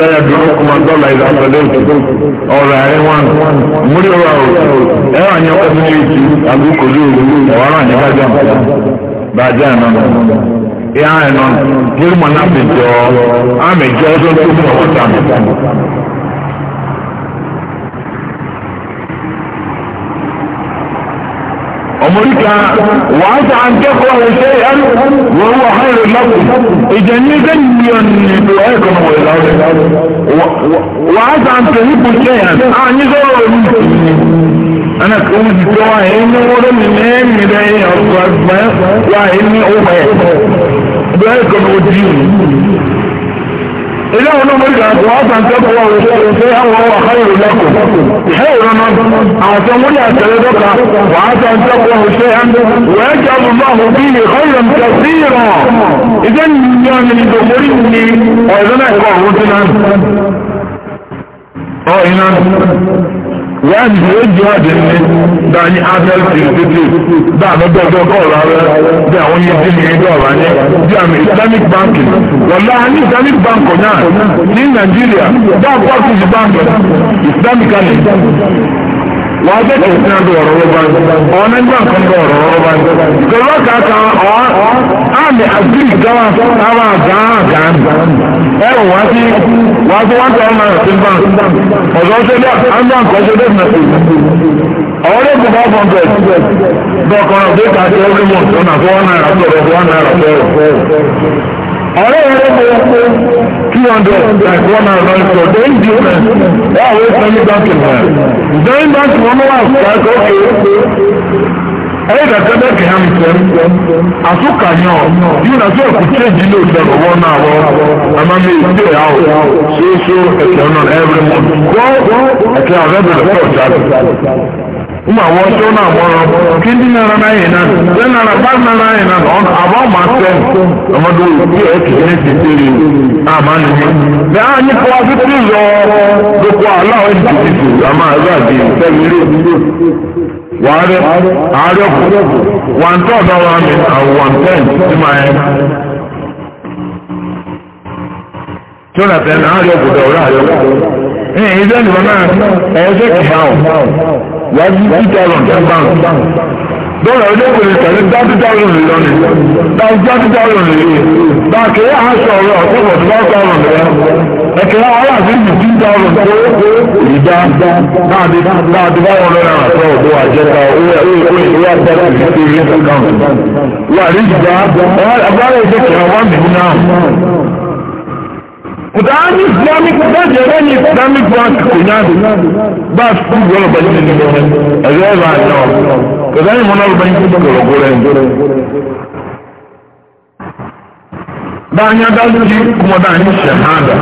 B: lẹ́yà dúró kùmọ̀ dọ́là ìlà àtọ̀lẹ́ òtútù ọ̀rọ̀ àárín wọn
A: múlí ọ̀rọ̀ àwòrán ẹ̀rọ àyìn ọkọ̀ tó ní ìtì àgùkò lóòrù ọ̀rọ̀ àyìn bàjẹ́ bàjẹ́ àná ya ẹnu gírímọ̀ náà fi jọ àmì jẹ́ ọdún tó mọ̀ ọ́ àmóríkà wàá sà ń kẹ́kọ̀ọ́ rẹ̀ ṣe ẹ́ wọ́n wà á rẹ̀ lọ́kù ìjẹ́ ní ẹgbẹ́ mílíọ̀nù ìlú ẹ̀kọ́ wọ̀ lọ́rẹ̀ wàá sà ń tẹ̀lé kù ṣe ẹ̀ àyín sọ̀rọ̀ òru ana kan ji to wa yin wurin ne ne da ya ba wa yin ne o ba da ko no ji ilé àwọn ọmọ ìgbà wọ́n sàn kẹ́kọ̀ọ́ òṣèré àwọn ọ̀há أعتمري أسألتك وعسى أن تقوه شيئا ويجعل الله فيه خيرا كثيرا إذن يعني دخلني وإذن أقوه مثلا قائلا وأن يجهد دعني أسأل في الفكرة بعد ذلك قول هذا دعوني يجيني دعواني دعم إسلامي بانك والله أن إسلامي بانك نعم في نيجيريا دعم قرصي بانك إسلامي كان
C: wọ́n jẹ́ kí ìsìn àdó ọ̀rọ̀ wọ́n báyìí ọ̀hún ẹgbẹ́ nǹkan bọ̀ ọ̀rọ̀ wọ́n báyìí ìgbàlọ́ kàkà ọ̀ àmì àgbìrì gáwà káwà gáà gáà ẹ wò wá sí wá sí wá sí ọ̀hún náà sí bá
A: ọ̀dọ́ ṣe dé àgbà ṣe dé
B: fún ọ̀hún ló kù five hundred dọ̀kan ọ̀dẹ́ta ti every month ọ̀nà fún ọ̀rẹ́ rẹ̀ mọ̀ ọ́pọ̀ two hundred like one hundred and four then di ọ̀rẹ́ wà wọ́n fẹ́ ní báńkì náà
A: then báńkì wọn wà fún ọkọ̀ ẹ̀yẹ́ kàkẹ́ bẹ́ẹ̀ kì í hàn sẹ́m àtúkànyọ̀ yìí nà sí ọ̀kú kéèjì ní òṣèlú ọ̀wọ́ náà wọ́ àmà mi ìdí ẹ̀ áwò ṣoṣo ẹ̀kẹ́ náà every month wọ́n ẹ̀kẹ́ àrẹ́bẹ̀rẹ̀ fẹ́ ọ̀ṣà ụmụ awa ọjọọ na-agbọrọ nke ndị nara na ndị nara na na ọnụ abụọ ma asọ ọmọdụ oyi ekele ti tere ama n'ihe na anyị pụọ tụtụ yọ ala
B: ama e adị anyị ẹ̀ ẹ̀ṣẹ́ ni wọn náà ẹ̀ṣẹ́ kìbá ọ̀ wájú two thousand ten pounds dọ́là olóògbèrè tẹ̀lé dájú
A: dáhùn nìyọ ni dájú dájú dáhùn nìyí báàkì yà á sọ ọ̀rọ̀ ọ̀tọ̀bọ̀ tó bá dáhùn rẹ̀ ẹ̀kẹ́ yà wọ́n àti ìjì tí dáhùn tó ìdá láti bá wọn lọ́nà àtọ́ ògbó àjẹta owó ìwé àtẹ́kù ní ti rí ẹ̀ka káwọn. wà á rí ìjìdá agbára ìjẹ́kẹ̀ẹ́ wà mí náà.
B: Kùtàánì Islamic Bank ẹ̀rọ ní Islamic Bank kò ní àdó. Bá a sùkúrù bí ọlọ́ba yìí ní ìlú ẹ̀rọ ẹ̀rọ àná. Kùtàánì mọ́nà ọlọ́ba yìí kò lọ gbọ́rẹ̀.
A: Bá a ní adájú sí kúmọ́dá ní Ṣẹ̀hádà.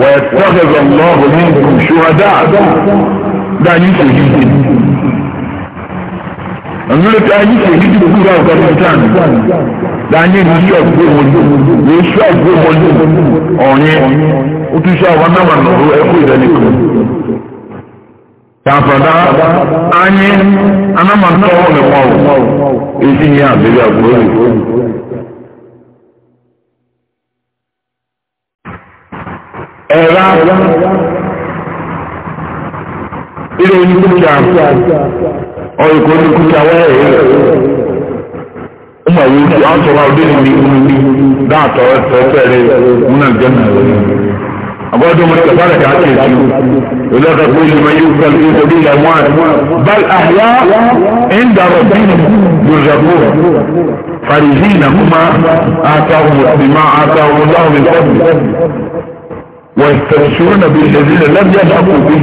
B: Wẹ̀ẹ́tọ́gẹ̀rọ̀ lọ́ọ̀bù ní ìṣúra dáadáa. Dáa ní ìṣòyí. ọ̀nùlẹ́tẹ̀ ayé ṣe ní ìdìbò kúrò àwọn kọ́mọ̀tán láyé ní iṣẹ́ ọ̀gbọ́n wọn ní iṣẹ́ ọ̀gbọ́n wọn ní ọ̀yẹ́ ó tún ṣe àwọn náà nà ó
A: ẹkú ìdánilẹ́kọ̀ọ́. Tàfàdá ilé oníkúta ọ̀rẹ́kọ̀ oníkúta wẹ́rẹ̀ ọmọ ìwé tí wọ́n sọ̀rọ̀ ọdún ní ìlú ní dáàtọ̀ ẹ̀fọ́ fẹ́rẹ̀ múnà jẹ́nà rẹ̀ أبوادهم الكفارة عكيز ولا تقول لمن يوكل في سبيل أموات بل أحياء عند ربهم يرزقون فارزين هما آتاهم بما آتاهم الله من فضله
B: ويستبشرون بالذين لم يلحقوا به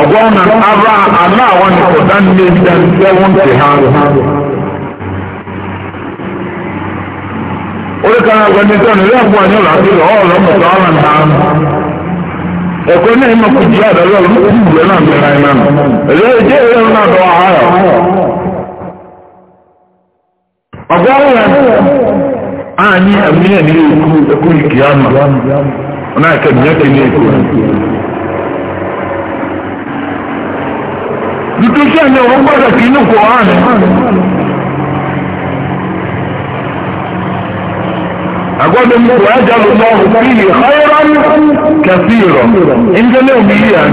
A: ọgwọ́nà ara àná àwọn nìkọ̀dá nne nne ntẹ́wọ́n ntì ha orí kan àgbà ní sọ́nù ilé ẹ̀kọ́ àyẹ̀wò àti ọ̀ọ́lọ́ mọ̀tò ọ̀rọ̀ nà ụlọ ẹ̀kọ́ náà ẹ̀mọ̀ kò jẹ́ àdàlọ́ ọ̀rọ̀ kúkú ọ
B: na ìpín kí ẹni òun gbọ́dọ̀ sí inú kò hàn.
A: àgọ́dọ̀ mú kò ájá ló mọ òfin ìlú ọ̀rọ̀ kẹsí ìrọ̀ ìdílé òbí yìí à.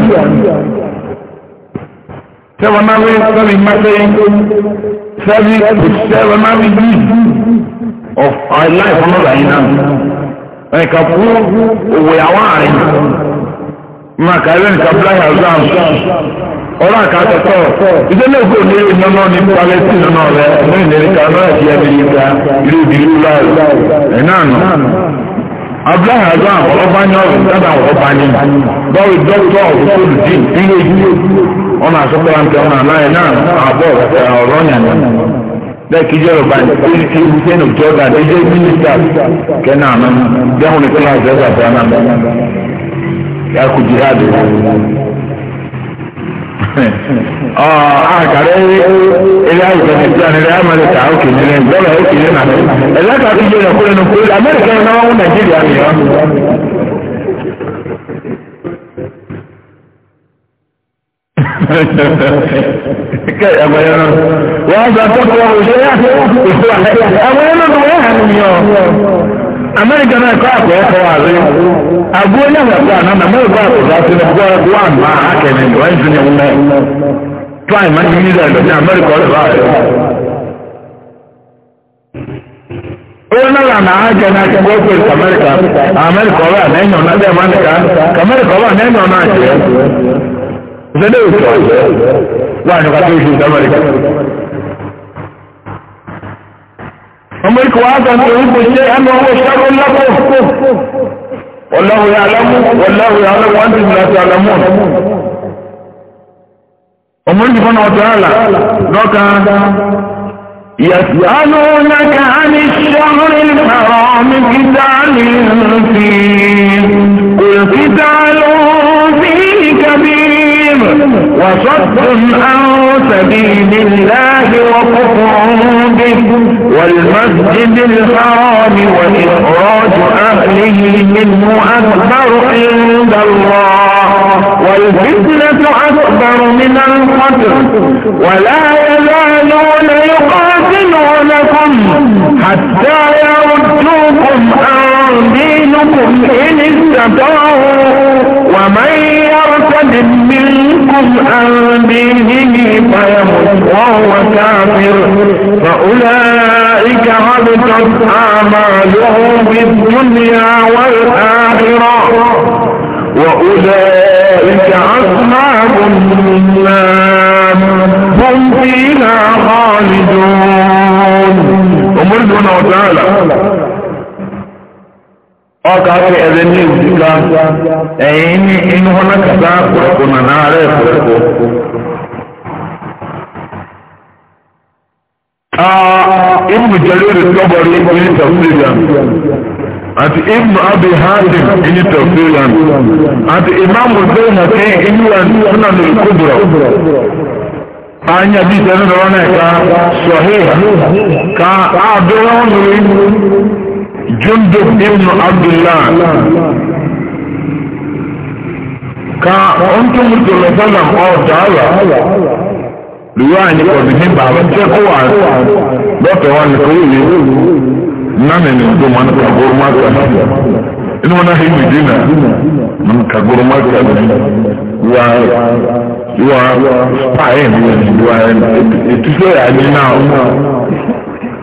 A: sẹ́wọ̀n náà wí sẹ́bi mẹ́sẹ̀ sẹ́bi sẹ́wọ̀n náà wí yìí
B: of our life ọlọ́dà yìí náà.
A: ẹ̀ka fún òwe àwọn àárín.
C: Màkà ẹ̀rẹ́ nìkan Bláyà Zan. ọ̀rọ̀ àkàtọ̀tọ̀ ìdílé ògbó ní ìnáná ní palestine náà rẹ ní ìlẹ́ríkà náà ti amẹ́ríkà ìlú ìdílú
A: láì ẹ̀nà àná abdullahi azam ọlọ́ba ní ọ̀rọ̀ dáadáa ọlọ́ba ní bọ́ọ̀lù dọ́kítọ̀ nílé ọ̀nà àná ẹ̀nà àbọ̀ ọ̀rọ̀ jẹ́ kí
B: àkàrẹ́ ilé àìsàn ìjọ nílẹ̀ amẹ́ríkà òkè nílẹ̀ ìjọba òkè nílẹ̀ nàlẹ́ ẹ̀lẹ́ta tó yẹ lọ́kùnrin nù kúrò amẹ́ríkà yẹn náà wọ́n nàìjíríà nìyọ́. kẹ́ ẹ̀mọ̀ yẹn náà wọ́n á gbà tó kọ́ òṣèré àti ìfọ̀ àwọn ẹlẹ́nu wọ́n hàn nìyọ́
A: amẹ́ríkà náà kọ́ àpò ọkọ̀ àrí àgbo ilé ìwàsá àná amẹ́ríkà àpò ọ̀dà sí ẹgbẹ́ ọgbọ́ àmà akẹ́ni ìwà ìdúnyẹ wọn náà prime man ní ìdá ìlọ́sí amẹ́ríkà ọ̀dà bá rẹ̀.
B: owó náà nà ájẹ́ náà kẹ́kọ̀ọ́ pé amẹ́ríkà amẹ́ríkà ọ̀rọ̀ àná ẹ̀yàn náà bẹ́ẹ̀ máa nìkan amẹ́ríkà ọ̀rọ̀ àná ẹ̀yàn náà jẹ́ ìṣẹ́lẹ̀ ìṣọ̀
A: أمرك وهذا أن يحب الشيء أنه هو شر لكم
B: والله يعلم والله يعلم وأنتم لا تعلمون
A: أمرك سبحانه وتعالى ذكر يسألونك عن الشهر الحرام قتال فيه قل قتال فيه كبير وصد عن سبيل الله وكفر والمسجد الحرام وإخراج أهله منه أكبر عند الله والفتنة أكبر من القتل ولا يزالون يقاتلونكم حتى يردوكم عن دينكم إن استطاعوا ومن منكم عن دينه فيمت وهو كافر فأولئك حبطت أعمالهم في الدنيا والآخرة
C: وأولئك أصحاب
A: النار هم فيها خالدون ومرضنا وتعالى
C: ọka ọka ẹbẹ ní ìwúdúgà ẹyìn ní inú wọn kàtà àpòròpò nà nàárẹ àpòròpò.
A: ibnu jarir tọbọrọ ìpínlẹ tafsirian àti ibnu abi hasim ìní tafsirian àti imaamu zaina kẹ ìníwàn sunan al-kubra
B: anya bí sẹ́nu lọ́wọ́ náà ká sọ̀hí ká àdúrà
A: jundub ibnu abdullah
B: ka on tumur to sallam o taala
C: luwa ni ko bi baba te ko wa do to wan ko ni ni do man ka gor ma ka hi man ka gor ma ka wa wa en
A: wa so ya ni na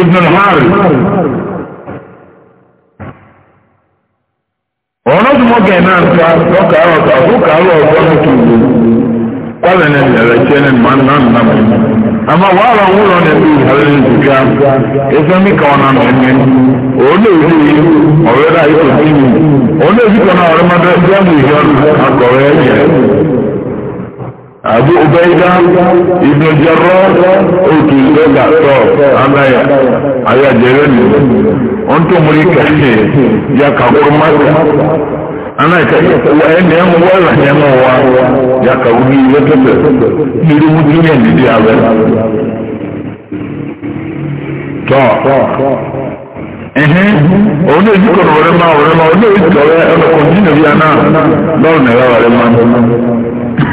B: ابن الحارث
A: ọ̀nọ́dún mọ́gẹ̀ náà ta lọ́kà ka fúkà lọ ọ̀gbọ́n tó wù
B: kwalẹ̀ ní ẹ̀rẹ̀kẹ́ ní ma na nà mọ̀ àmà wà á lọ́wọ́ lọ nẹ̀bí ìhàlẹ́ ní ìdíkà ẹ̀fẹ́ mi kàn náà nà ẹ̀mí
A: òun lè rí ọ̀rẹ́ náà ọ̀rẹ́ mọ́tò mi
C: akọ̀rẹ́ Abu Ubaida Ibn Jarrah òtù ìgbẹ́gbà tọ́ aláyà ayájẹrẹ nù. Wọ́n tó múrí kàṣẹ ya kàkúrú máta. Anáìka ẹni ẹ̀mú wọ́ọ̀lá ni ẹ̀mú wa ya kàkúrú ní ilé tẹ̀tẹ̀. Nírí mú tí yẹn dìde abẹ́. Tọ́ ẹ̀hìn òun náà yìí kọ̀ọ̀rọ̀ rẹ̀ máa rẹ̀ máa òun náà yìí kọ̀ọ̀rọ̀ ẹ̀ ọ̀nà kọ̀ọ̀jìnà bíi aná lọ́rùn ẹ̀rọ rẹ̀ máa.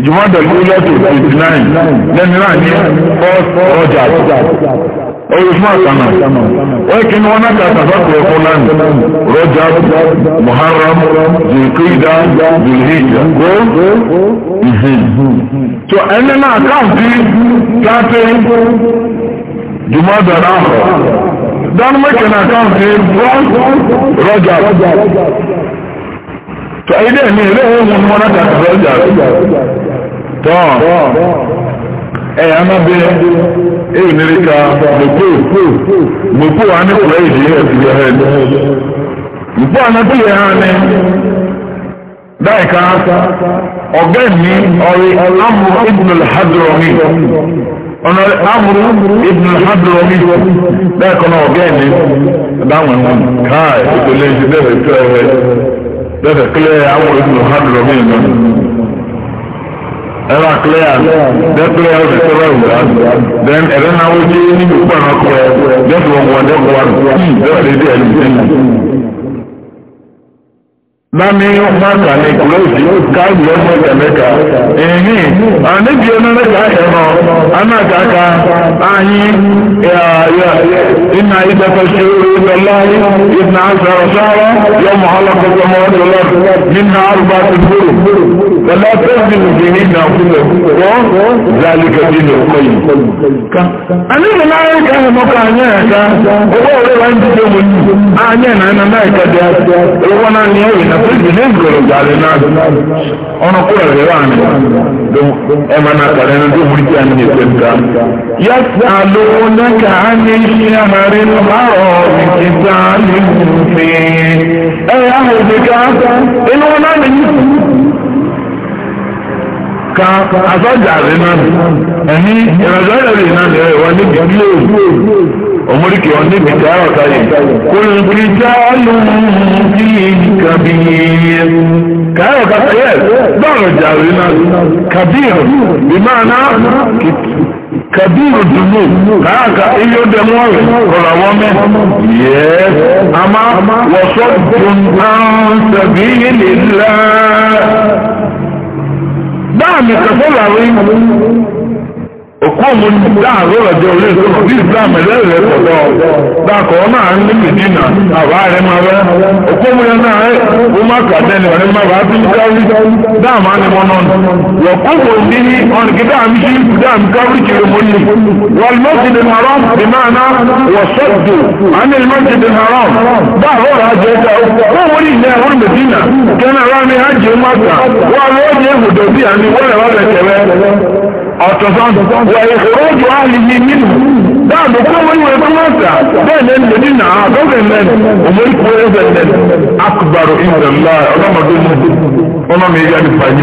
A: ìjùmọ̀dọ̀ ló lẹ́tò 59 lẹ́nu náà ní ọjà oye fún àtànà wọ́n kí ni wọ́n náà kàtà sọ́kùnrin fún lánì rọ́jà muharram zulkida zulhijja kó mhm. so ẹni náà káàkiri káàkiri jùmọ̀dọ̀ náà dánú mẹ́kẹ̀ náà káàkiri rọ́jà to ilé mi ilé ìwọ̀n mọ́nà kàtà sọ́jà tọ́ ẹ̀ anábẹ́ ewu nílé ka mọ̀pọ̀ mọ̀pọ̀ wa ní kùrẹ́ ìdí ẹ̀sìn yẹn hẹ́n mọ̀pọ̀ anábẹ́ yẹn hàn ní dáìka ọ̀gẹ́ mi ọ̀rẹ́ amú ibùdó lẹ́hàdúrọ̀ mi ọ̀nà amúrú ibùdó lẹ́hàdúrọ̀ mi dáìka náà na mi dáwọn ẹ̀wọ̀n káà ìpele ìṣẹ́ dẹ́fẹ̀ tó ẹ̀rẹ́ dẹ́fẹ̀ kílẹ̀ amúrú ibùdó lẹ́hàdúrọ̀ mi nù. ẹwà clear then clear ọ̀rẹ́ sọ́rọ̀ ìgbà then ẹ̀rẹ́ náà wọ́n jí níbi púpọ̀ náà kọ́ ẹ just one one just one hmm, just dey there ní ìsẹ́yìn. Nami maka ni kulosi kazi ọmọ tẹmẹka ehi anibi onareka ẹnọ anagaka anyi ina idẹfẹ ṣeere lọlọri ina azọrọ sọrọ yọmọ ọlọpọpọ mọ ọdọlọri nínú arúgbó àti gbòòrò wọlé tẹ́sí ìdíní na kúlọ̀ wọ́n zálìkà dínà kọ́yì anígbè náà ń káyẹ̀ mọ́kà anyẹ́ ẹ̀ka owó ọ̀rẹ́ wa ń dìde mu ní anyẹ́ náà iná náà ẹ̀ka dẹ́ owó náà ní ẹ̀yìn náà fẹ́ẹ̀sì ní ìgbọ̀rọ̀ gàrí náà ọ̀nà kúrọ̀ rẹ̀ wà ní ẹ̀ma náà kàrẹ́ ní ọdún múlítì àmì ẹ̀sẹ̀ nǹka. yàtí àlòwò náà kà á ní iṣẹ́ àmàrí lọ́rọ̀ ìkìtà ní ìfẹ́ ẹ̀ ka asọ́jà rẹ̀ náà ẹ̀ní ìrànlọ́wọ́ rẹ̀ náà rẹ̀ wọ́n níbi bílẹ̀ òmùrìkì wọn níbi tí a ọ̀tá yìí kòlùkì já lóhun bí kàbí káyọ̀ kàkà yẹ báwọn jà rẹ̀ náà kàbíyàn bí máa ná kàbíyàn dùnú káàkà iye ọdẹ mọ́ rẹ̀ kọ̀lọ̀ báàmì kẹfẹ́ làwọn òkú òmù láàárọ̀ ọjọ́ orí ìsọ̀rọ̀ bí islam ẹlẹ́rẹ̀ pọ̀lọ́ dákọ̀ ọ́ náà ní mìdínà àbá rẹ̀ máa rẹ̀ òkú òmù yẹn náà rẹ̀ ó má kà dẹ́nu rẹ̀ máa bá bí káwí dáàmà ni wọ́n
B: nọ́ọ̀nù wọ̀kú wò ní ọ̀nà kí dáàmì sí ikú dáàmì káwí kiri mo ní wọ́n mọ́sídì haram bí haram dáàrọ̀
A: wọ́n wọ́n ní ilẹ̀ ẹ̀hún mìdínà kẹ́nà rámi hajj mọ́ta ọ̀tọ̀sán wà ìkòrójò àlìyé nínú dáàbò kó wọ́n ìwé fún ọ̀sà bẹ́ẹ̀ ní ẹni nínú àádọ́fẹ̀ mẹ́rin òmò ìkó ẹ̀fẹ̀ mẹ́rin akùbàrò ìfẹ̀ ńlá ọlọ́mọdé ní ọlọ́mọ ìyá ní fàyè.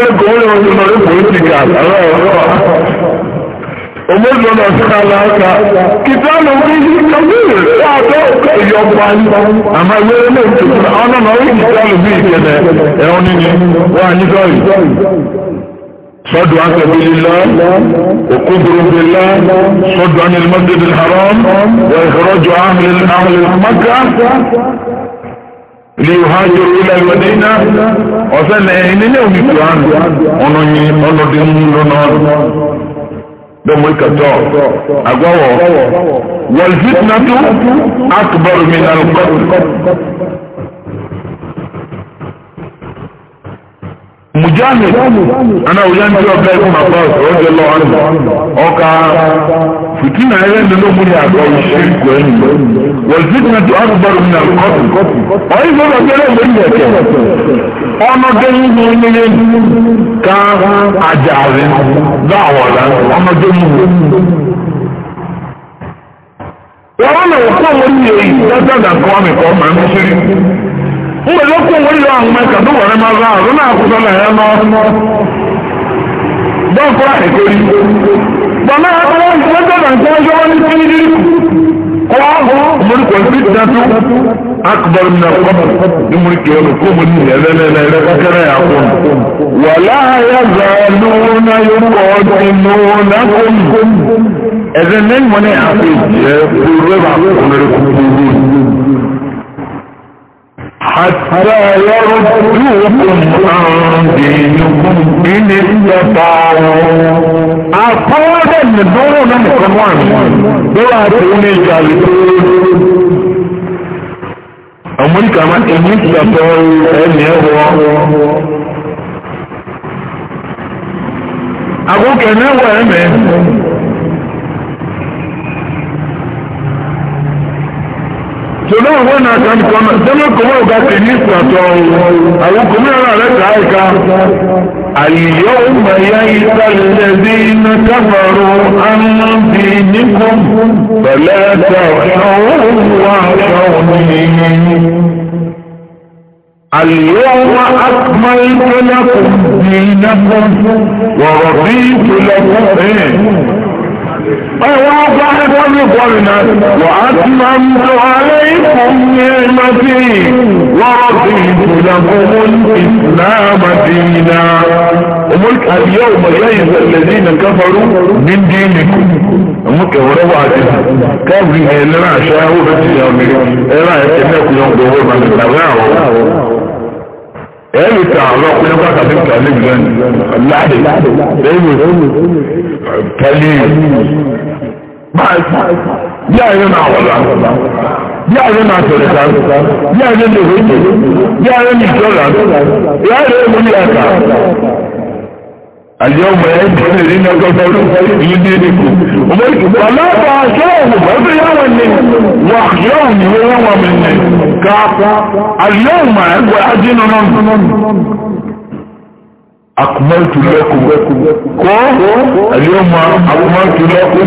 A: ẹ̀kọ́ wọn ni wọ́n ti lọ rí pòlítìkà àlọ́ ọ̀rọ̀ òmòdó lọ sí aláàkà kìtàlù orí ìjọbí ọ̀dọ́ ìyọ̀pá àmà ìwéré lè tuntun ọ̀nà náà orí kìtàlù bí ìkẹlẹ̀ ẹ̀hún nínú wà ní sọ́yì
B: sọ́dọ̀ akẹ́bìlélá òkúburúbìlá sọ́dọ̀ anilmọ́débìl haram wà ìfọ́rọ́jọ́ ahìlmọ́ká
A: ilé ìhájọ́ ilẹ̀ ìwọ̀dẹ́ná ọ̀sẹ̀ lẹ́yìn nílẹ̀ òmìnira ọ̀nà yìí ọlọ́dẹ mú lọ́nà domin ka to a gawo wal fitnatu akbar min al
B: mujahid ana oyanju ọbẹ ẹkún abbas ọjọ lọ ọnù ọka fitina ẹrẹ nínú
A: múni àgọ ìṣirikù ẹnu wọ fitina tó arúgbọrọ nínú àkọtù ọyìn tó lọ bẹrẹ ìwé ìwé ẹkẹ ọmọdé nínú nílé ká ajaare dáwọlá ọmọdé nínú.
B: wọn náà kọ́ wọ́n yẹ ìdájọ́ àgbà kọ́ mi kọ́ máa ń ṣe nwere okwu nwere ahụ mee ka dụwara mazụ ahụ na-akwụsọ na ya n'ọnụ
A: dọkwa ekeri gbana akpọrọ nkweta na nke ọjọ ndị mmiri kọ ahụ mmiri kwesịrị ịdatụ akbar na kọbọ ndị mmiri ka elu na ebe na ebe kakere ya kwụ wala ya zalu na yọkọ ọdị n'ụna kwụ eze nne mmiri akwụ e, حتى يردوكم عن دينكم إن استطاعوا
B: أقول أن دورنا مسلمان دورنا دوني جالسون أمريكا ما إن
A: استطاعوا أن يروا أقول كنا وأمين tòló òwe náà kan kọ́nà tẹ́lẹ̀ kọ́mọ́ ọ̀gá ti ní ìpàtọ́ àwọn kòmíràn rẹ̀ ká ẹ̀ka àyíyọ́ ọmọ ẹ̀yà ìsàlẹ̀ bí iná káfàrọ̀ àmọ́bí nìkan
B: pẹ̀lẹ́ ẹ̀ka ọ̀nà òun wà ọ̀nà òun
A: اليوم أكملت لكم دينكم ورضيت لكم إيه
C: ẹ̀wọ́n bá wọ́n ní
A: bọ́ọ̀lù náà wà á ti máa ń lọ alẹ́ ìfún ní ẹ̀mọ́tì lọ́rọ̀ sí ìdùnnà fún ìsìláàmà dìínà ọmọlùkà yóò mọ̀lá ìṣẹ̀lẹ̀dì nà káfàrú ní dìínì ọmọ ẹ̀rà ẹ̀kẹ́
B: ẹ̀rù ta ọ̀rọ̀ pé ó pàtàkì tàlẹ́ ìgbẹ́ni láàdì ẹ̀rù tẹ̀lé bí ààrẹ náà wọ̀lá bí ààrẹ náà sọ̀rọ̀ ká bí ààrẹ náà wọ́n bí ààrẹ náà ìjọ́ra bí ààrẹ náà wọ́n
A: àjọ́mọ̀ ẹ̀ẹ́dẹ̀ẹ́dẹ̀ nínú ọgọ́gọ́rù ìlúdé nìkú ọlọ́pàá aṣọ́ọ̀hùn ọdún yáwọn ni wà yóò ní wọ́n wọ́n mi ní ká
B: àjọ́mọ̀
A: ẹgbẹ́ ajínú náà akùmọ́tù lọ́kù kọ́ àjọ́mọ̀ akùmọ́tù lọ́kù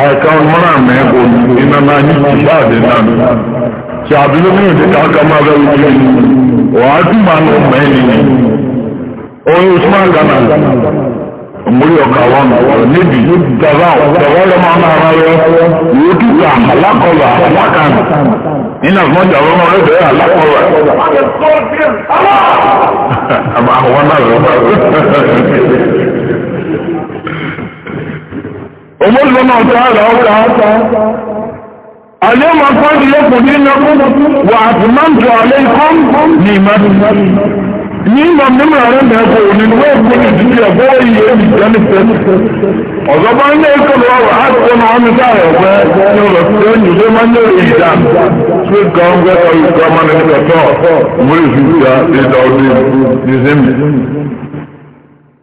A: àyẹ̀ká ọmọrà mẹ́gbò iná náà ní ìbáàdé náà ṣàbílẹ̀ mí onye usman gana muri ọka wọn níbi davao davao lọmọ ọmọ ara rẹ yóò kíkà alákọlà alákan nínú àfọmọjà ọmọ rẹ bẹ̀rẹ̀ alákọlà àwọn náà rẹ
B: omori lọmọ ọtá rẹ ọkà اليوم أفضل لكم دينكم وأتممت عليكم نعمتي
A: n'ime ọmụmụ ahụ na-ekwe onye nwe ekwe n'etiti ya bụ oyi ya ebi ya n'ife ọzọkwa ndị ekele ọrụ akụkọ na ọmịta ahụ ekwe n'ụlọ site nyudo ma ndị oyi ya sweet gọọm gwekọ yi gọọma na ndị ọtọ mgbe izu ya ịda ọdụ n'ize mbụ.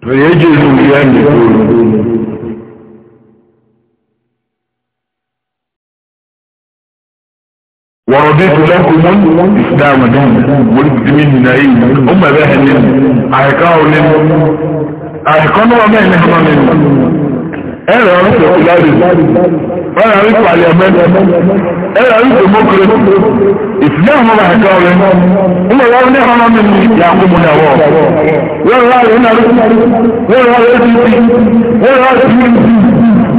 B: Tụrụ ya eji ezi ya ndị
C: ورضيت لكم الاسلام
B: دين والمسلمين نائم هم بهن ايقاو لن ايقانوا ومهن همامين انا عرفت اولادي
A: وانا عرفت على الامان انا عرفت المكرم اسلام ما حكاو لن هم يقولون همامين يعقومون واه والله هنا رسل والله يسلسي والله يسلسي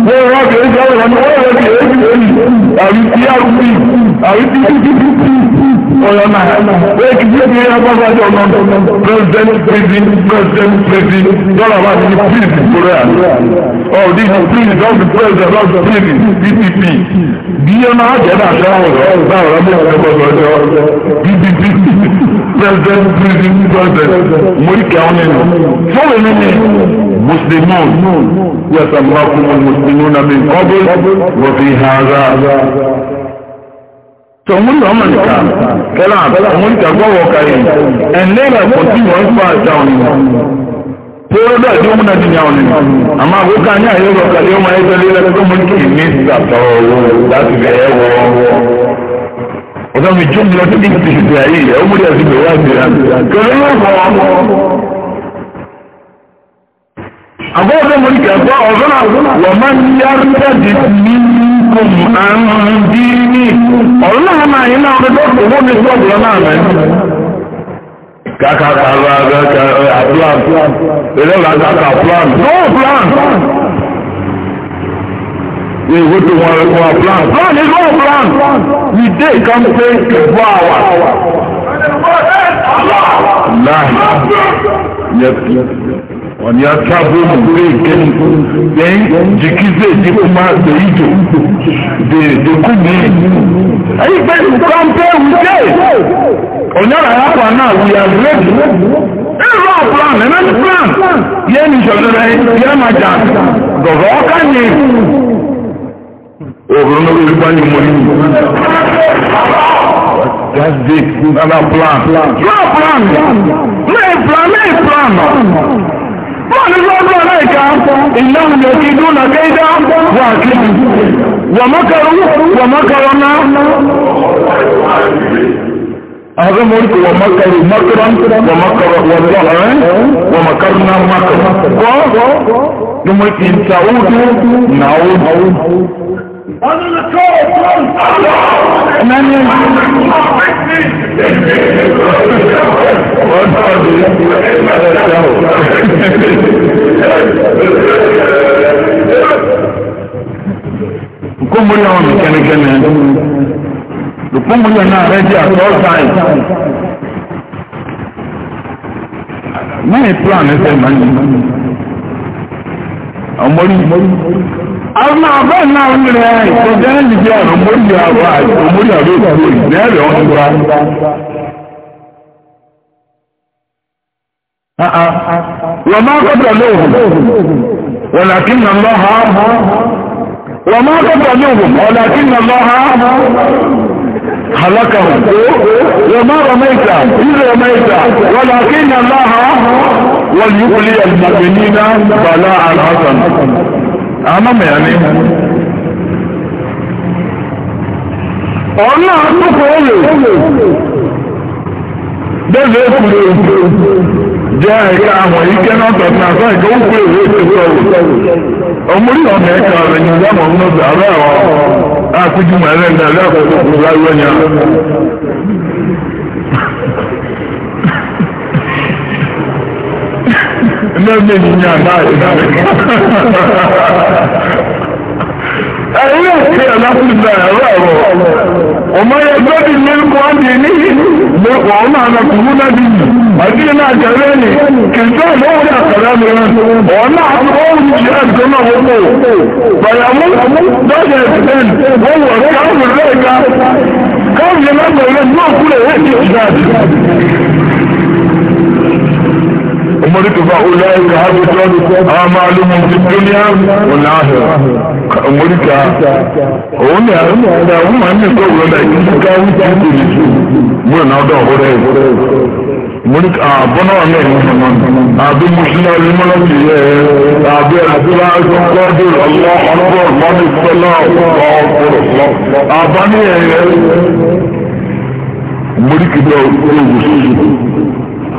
A: wọ́n rọ́bì èyí àwọn ọ̀nà wọ́n rọ́bì èyí èyí àrí tí a rí àrí tí tí tí tí ọ̀rọ̀ náà wọ́n kì í ṣe ní abọ́bá jọ náà president prison president prison dọ́là wà ní prison korea oh this is prison of the president of the prison dpp bí ẹ máa jẹ́ náà sọ́wọ́n ọ̀rọ̀ báwọn ọ̀rọ̀ bí ọ̀rọ̀ bọ̀ sọ́jọ́ dpp dandan bíi ní dandan mọ̀ríkà ọ̀nà nù fọwọ́ mi ni
C: mùsùlùmí yàtọ̀ mọ́kùn mùsùlùmí náà mi kọ́bí wọ́n fi hàn rà tọ̀mún náà mọ̀ nìka kẹ́lá àwọn ìtàgbọ́wọ̀ kàrí ẹ̀nlẹ́rà kò tí wọ́n fà dáwọn ni tóóró bẹ́ẹ̀ tí ó múná ti yàwọn ni àmọ́ àkókò àní àyẹ̀wò kàlẹ́ ọmọ ẹgbẹ́ lélẹ́gbẹ́ mú kì í ní ìgbà
A: tọ̀ọ̀wọ̀ láti bẹ̀ẹ́ wọ̀ ọ̀sán mi jùm lọ síbi ti ìgbé ayé yẹ ó múlẹ̀ sí ìgbéwá ìgbéra kẹlẹ́ ló fọ́ àbọ̀ ọ̀sán mo ní kẹfọ́ ọ̀sán wọ̀ máa ń yá jáde ní kùn àrùn díní ọ̀rọ̀ yín náà ọ̀dọ́ owó mi sọ ọ̀dọ́ náà mẹ́
B: kàkàkà àdúrà ẹ̀rọ làkàkà plan no plan we go to one one plan. plan is one plan. we dey come pay four hours. láàyè
A: yẹtù wọn yà sábò pé kẹ́ni then jìkìzé ti kuma èyí tó de de kú mi. èyí pé come pay we dey.
C: ònyàrá yà kọ́ àná we are ready. ẹ̀rọ plan ẹ̀mẹ́tì plan yẹ́nì sọ̀rọ̀ rẹ̀ yẹ́ máa jà dọ̀rọ̀ ọ̀ká yẹn
B: òòrùn lórí ìgbáyé mọ́ nínú that's big another
A: plan yóò plan mẹ́ẹ̀ plan mẹ́ẹ̀ plan wọ́n
C: ní lọ́dún aláìka ìlànà yẹ̀kí dúnà kéjá wà kí
B: wọ̀mọ́kẹrù wọ̀mọ́kẹrù náà
C: هذا
A: ملك ومكر مكرا ومكر والله ومكرنا مكرا وملك إن تعود نعود
C: Under the control of Emmanuel.
B: Nkúmúrí àwọn kẹ́nìkẹ́nì ẹ̀. Nkúmúrí ọ̀nà rẹ̀ jẹ́ àtọ́sáì. Mẹ́rin plan ẹsẹ̀ mọ́ni. Ọmọrí. àwọn na náà ń
A: rẹ̀ na ìdí àrùn mórí àwọ̀ àìsòmórí àwọ̀ èkó ìdẹ́rẹ̀ ọ̀hún wa. wọ́n máa kọ́bọ̀ lóhùn wọ́n làkí nà lọ́ ha wọ́n máa kọ́bọ̀ lóhùn wọ́n làkí nà lọ́ ha halakahum wọ́n máa wọ́n ha wọ́n bàlá àwọn mọ̀mọ́ yẹn ni. ọ̀nà àtúkọ̀ òye bẹ́ẹ̀ ló kú lé jẹ́ ẹ̀ka àwọn ike náà tọ̀tún àtọ́ ìkọ́ òkú èrè ètò ọ̀rọ̀ ọmọdé ọ̀nà ẹ̀ka rẹ̀ ní ìyá mọ̀ nínú ọ̀sẹ̀ àbẹ́ ọ̀ àkójú mọ̀ ẹ̀rẹ́ ní ẹ̀rẹ́ àkókò kúrú láyé ẹ̀yà.
B: lọ́gbẹ̀ yìí àbá ìdàmẹ́. ẹ̀yìn ẹ̀kẹ́
A: aláfíìsà ẹ̀rọ ẹ̀rọ ọmọ yẹn gbọ́dì mílíkù ọ́dì ní lẹ́kọ̀ọ́ ọmọ àlọ́kùnrin náà bí yìí àti iná àjẹrẹ́ ni kìjọ́ ìlọ́wọ́ ní àkàrà mìíràn ọ̀nà àkọ́ọ̀rù jẹ́ ẹ̀kọ́ náà wọ́pọ̀ bàyàmú dọ́jà ẹ̀sìn wọ́n wọ̀ káàmù lẹ́ẹ̀ka
C: káàmù yẹn lágbàá rẹ̀ ní òkúrẹ̀ rẹ̀ ti ọ̀gá àti
A: umartu fa ulaika habitat amaluhum fid dunya wal akhirah umarta òun ni àwọn àwọn máa ń ní kó wọlé ìdí ká wí tí kò lè tu múlò náà dọ̀ ọ̀rẹ́ ẹ̀ múlùkà àbọ̀nà wà mẹ́rin nínú àbí mùsùlùmí alimọ́lá ti yẹ àbí àdúrà gbọ́dọ̀ ọlọ́ ọlọ́bọ̀ mọ́ni pẹ́lá ọ̀pọ̀lọpọ̀ àbáníyẹ̀ múlùkì bẹ́ẹ̀
B: olùwòsàn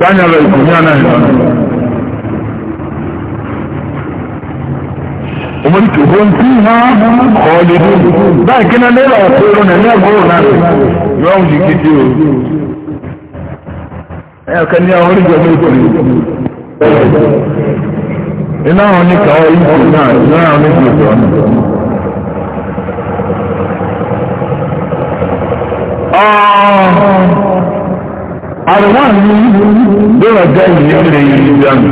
B: sáyà lọ ìkùnmí àná ìlànà
A: omori tó hó ntí ha kọ́ọ̀lì dùn báyìí kí náà lérò ọ̀pẹ̀rọ náà ní ẹgbọ́rọ̀ náà yọ ọ́n jì kéde o ẹ̀ ọ̀kẹ́ ní àwọn oríṣi ọmọ ìkùnmí
B: iná àwọn oníkà ọ̀ ìkùn náà iná àwọn oníkà ìkùn náà.
A: Oh àrùwọ̀n ní ló rẹ̀ jẹ́ ìyẹn lè yìí dánù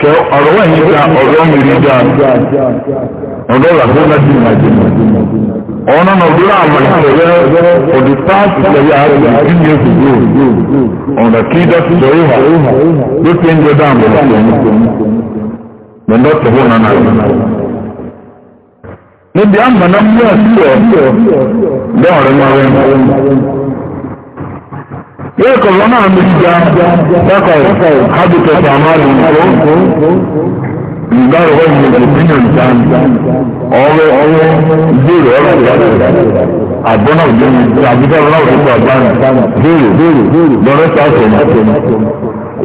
A: kẹ ọ̀rọ̀wọ̀n yìí ká ọ̀rọ̀ mìíràn dánù ọ̀dọ́ làkúrò láti ìrìnàjò ọ̀nà nàbúrà àwọn ìṣẹ̀lẹ̀ ọ̀dì pàṣẹ ìṣẹ̀lẹ̀ àrùn ìdí ní oṣù ọ̀nà kí dọ́sí sọ ìhà ló ti ń jẹ dánù
B: lọ́nà tọ̀wọ́ nánà
A: níbi àmàlà mú àṣìṣe ọ̀dọ́ ọ̀rẹ́ máa rẹ̀
B: ee kọ̀ọ̀rọ̀ náà na gba dákàrọ̀ hábitọ̀tì àmàlù nǹkó
A: ìgbàrọ̀ ọ̀hún ìgbìmọ̀ nǹkan ọ̀rẹ́ ọ̀rẹ́ ìbéèrè ọ̀rẹ́ ìgbàlódé àbọ̀nà òjòyìn àbíkẹ́ ọlọ́run tó àgbà béèrè lọ́rẹ́ sáfẹ̀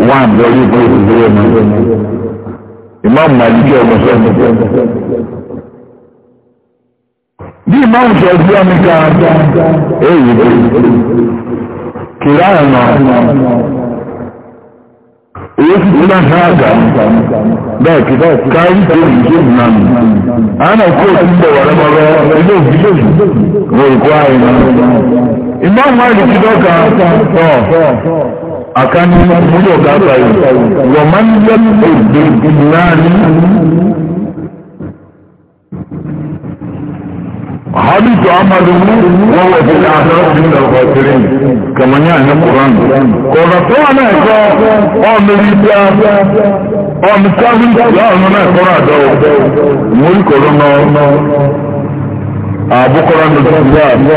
A: wà lórí ìgbà bí
B: ká kìláàmà èyí sì ti máa ha àgà
A: bẹ́ẹ̀ kí káyí tó yìí tó nà mí àánà kó o ti bọ̀ wọ̀rẹ́ mọ́rọ́ ilé òbí lòdì lórúkọ àìmọ́ ìmọ̀ àwọn àìlèkí dọ́ka tọ̀ àkànní múlò gàgbà yìí wọ̀n máa èdè ìlànà
B: حديث عمله وهو في الآخرة من الخاسرين كما يعني القرآن
A: قال رسولنا إخاء أمريكا أمكاهم لا أمنا قرآن ملك رنا
B: أبو قرآن الإسلام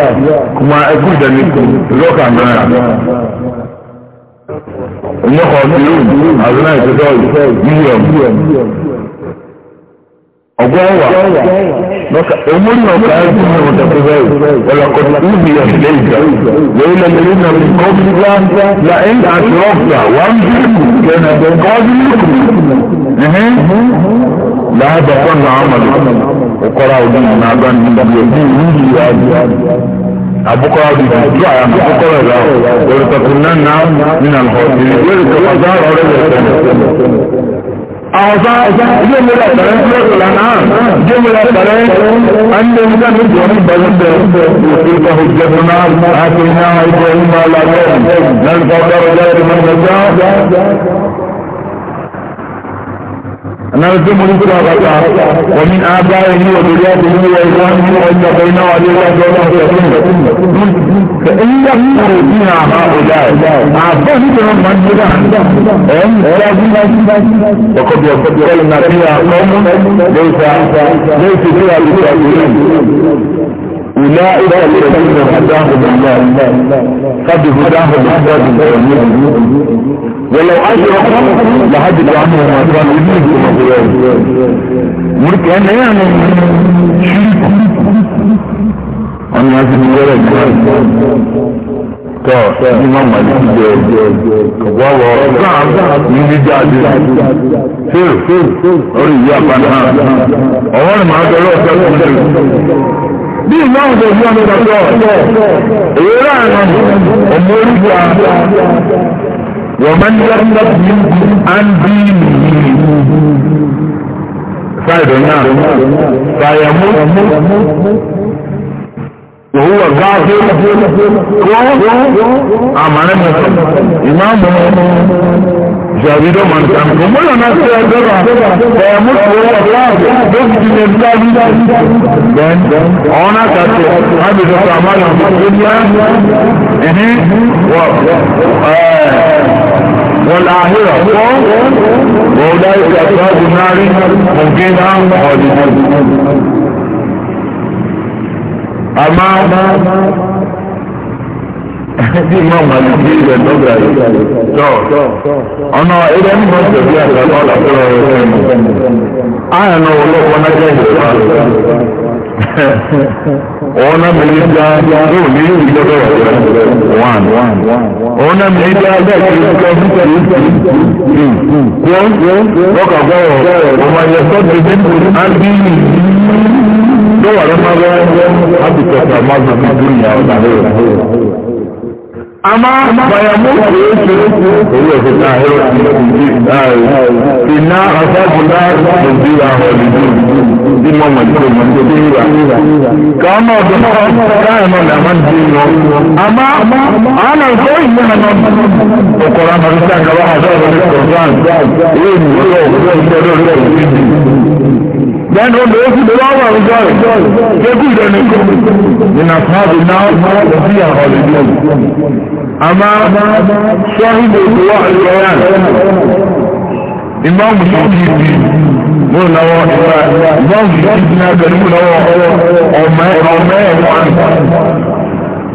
B: كما أقول ذلك لك عندنا إنه خاسرون هذا لا يتساوي مليون
A: ọgbọ́wà lọ́kà omúlò ọ̀gá ẹ̀dùn ní ọ̀dà tó bẹ́ẹ̀ wọ́n kọ́ níbi ọ̀sẹ̀ ìjà wọ́n lè lè nà mí kọ́ bí wá la ẹ̀ ń àti ọ̀gbà wà ń bí kẹ́nà bẹ́ẹ̀ kọ́ bí lùkù
B: láàbà kọ́ nà ámàlù ọ̀kọ́ra òbí nà àgbà ní ìdàgbé òbí ìlú ìyá abukora bi ju aya na abukora ra wẹrẹ tọkùnrin náà nínú àlùkò ìrìn wẹrẹ tọkùnrin náà rọrẹ wẹrẹ
A: tọkùnrin. ọ̀zá jẹ́múlẹ̀ pẹ̀rẹ́ lọ́tọ̀lá náà jẹ́múlẹ̀ pẹ̀rẹ́ ẹni nígbà nígbà ní bẹ̀rẹ̀ òfin kọ̀hún jẹ́fún náà àti ní àwọn ìgbẹ̀rún máa lábẹ́ ẹ̀rùn lẹ́nu أنا رجل مريد الله ومن آبائه وذرياته وإخوانه وإلا بينه وعليه وعليه وعليه فإنهم فيها هؤلاء أعطاهم من جدعا وقد يقول فيها قوم ليس ليس فيها للكافرين أولئك الذين هداهم الله قد هداهم الله ولو أشركوا لحدث عنهم ما كانوا يريدون
B: غيره ملك أنا يعني شرك
A: أنا لازم يرد tọ́ ìmọ̀ màlìkì jẹ wọ́wọ́ níbi jáde fèrè orí ìyá àbáná ọwọ́ ni màá bẹ̀rẹ̀ ọ̀sẹ̀ kùnú bí ìyáwó tó fi ọmọ ìdàgbọ́ èyí láàrin ọmọ orúkọ wọ́n máa ń yọ̀ǹda bí àǹdí nìyí
B: fáìdì náà fàyàmú وهو غافل كون أمانة إمام jàbídọ́ máa ń ta nǹkan mọ́nà náà ṣe ẹgbẹ́ra ẹ̀
A: mọ́tò owó ọ̀láàbò lókì ti lè dá ní bẹ́ẹ̀ ọ̀hún náà kàtó ábìdọ̀ tó àmàlà ó dá ìdí wọ́n la àhírà fọ́ wọ́n dá ìgbà náà rí ògé náà ọ̀dìdì. àmà bí mọ̀ mọ̀ ní bí ìrẹ̀ lọ́gbà yìí tọ́ ọ̀nà ilẹ̀ ń bọ̀ tẹ̀lé àgbàdo àlàkùrọ̀ rẹ̀ sẹ́nu àyànà olóko náà jẹ́ ìjọba òun náà mi ní dá yóò ní ìjọba rẹ̀ wọ́n òun náà mi ní dá bẹ́ẹ̀ kí ó kọ́ bí kí ó lọ́kà gbọ́rọ̀ ọmọ ẹ̀yẹ sọ́ọ̀tì bí á
B: bí lọ́wọ́ rẹ̀ máa bẹ́ẹ̀
A: á ti tẹ̀sán máa gbà dúró ìyá ọ̀tà rẹ̀ àmá bàyàmú
B: oríṣi orí ọ̀sẹ̀ náà ẹ̀rọ iná àṣàbùdá
A: nàìjíríà ọ̀dùnú bí mo mọ̀ tó mọ̀ tó bí wà. kàmá ọ̀dùnú káàmù làmá ti ń lọ. àmá àánà ìfọ́ ìlú nàná ọ̀kọ̀rọ̀ àmàlùsá ìjọba then on the open the law of God, they could then go. In a father now, we are all in you. Ama, Shahid al-Dua al-Qayan, Imam Shafi'i, lọ́wọ́ ìgbà, Imam Shafi'i náà pẹ̀lú lọ́wọ́ ọmọ ẹ̀wọ̀n.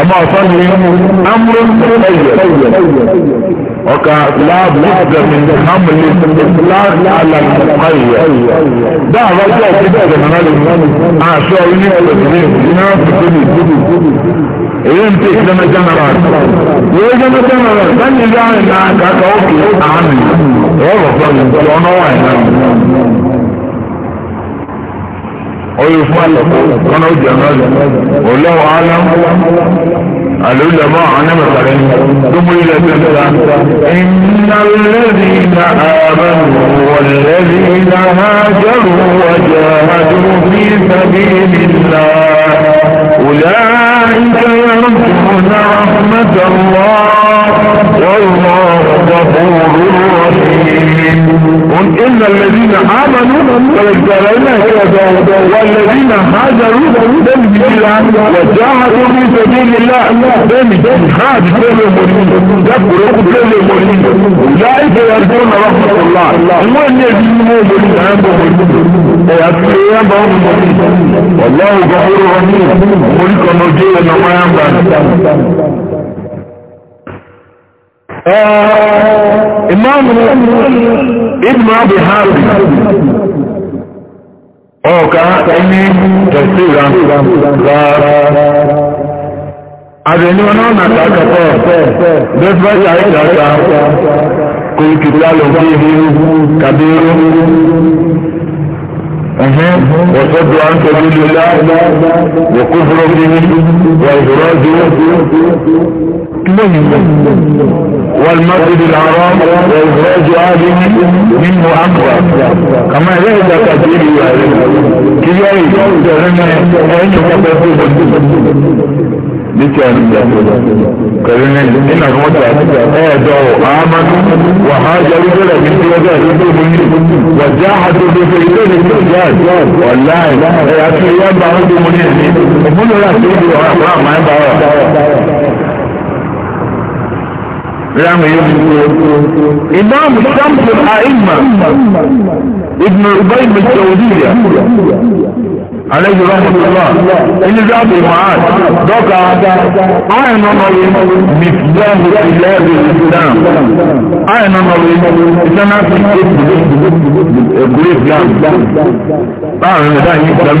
A: ọmọ ọ̀sán ni amúrò ẹ̀yẹ ọ̀ka láàbùdàmì hamlin aláàlùmọ̀ ẹ̀yẹ dáa wájú ọ̀sán bẹ̀rẹ̀ náà lè
B: àṣọ ilé ìpèsè iná fìdí nìdí èyí ń pè jẹ́mẹ́ jẹ́nẹ́rà
A: èyí jẹ́mẹ́ jẹ́nẹ́rà sẹ́ni ìlú àrìnà kàkà òkè àmì ẹ̀rọ fún mi ọ̀nà wà ní àmì. قالوا إن الذين آمنوا والذين هاجروا وجاهدوا في سبيل الله أولئك يرجون رحمة الله والله غفور رحيم
B: قل إن الذين آمنوا والجريمة والذين هاجروا بالجرة وجاهدوا في سبيل الله بمجد
A: حاج كل مريد يكبر كل مريد أولئك يرجون رحمة الله هو الذي يؤمن عنده ويأتيهم بهم والله غفور رحيم ملك نجيه نما ينبغي إمام ابن أبي حارب ọ̀ọ̀ká ní tẹ̀síra rárá.
B: Àbẹ̀ni wọn náà nàkà kẹfẹ́ bẹ́fẹ́ta ìdáta kò ìkìtà lọ bí
A: ihu kàbírú وصد عن سبيل الله وكفر به وإخراجه والمسجد الحرام وإخراج أهله منه أكبر كما ذهب كثير كي يعيش أن يتبدل níkẹ́ kẹrin nínú àwọn ọjà ẹ̀ẹ́dọ̀ àmánú wàhájá wíjọ́lẹ̀ ní tí ọjọ́ ìdúró mú ní wàjá àtòkè ilé ní ìjà ọ̀la ẹ̀ àti ìyá bá ń gbé mú ní ẹ̀mí òmúlòrà tó ń bọ̀ àwọn àmà ń bá wà.
B: Ìyáàmù yóò fi kúrò. Ìdáàmù sáàmù àìmà Ibn Ubayy Mẹ̀tẹ̀wòdìyà.
A: عليه رحمة الله إن جاب المعاد دوكا أين نظري مفتاح بلاد الإسلام أين نظري إسلام في الإسلام أعلم ذلك إسلام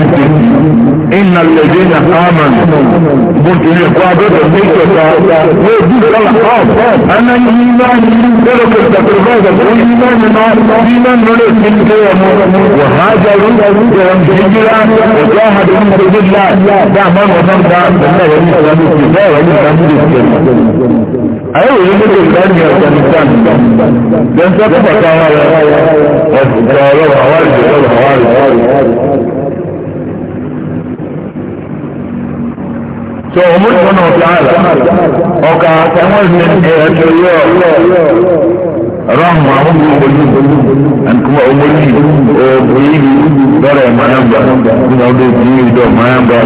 A: إن الذين آمنوا ممكن يقابل الميكة ويجب الأحقاب أن الإيمان ترك التقربات الإيمان ما الإيمان نرى من كيامه وهذا هو الإيمان وجاهدوا في سبيل الله دعما وصمدا بالله ولي سلامه الله ولي سلامه ayé wòye lóde ìdánimí afghanistan jẹnsẹ pàtàkì àwọn ará ọ̀sùnkà ọlọ́run àwárí ìjọba àwárí. sọ ọmọdé wọn náà sáà ọkà ẹwọn ìṣẹ̀lẹ̀ ẹyẹ tó yọ rahma ọmọ olú ànkúmọ̀ omori òbòyí lọ́rọ̀ ẹ̀mọ́nàmbà nínú ọdún tí yìí dọ̀ mọ́nàmbà.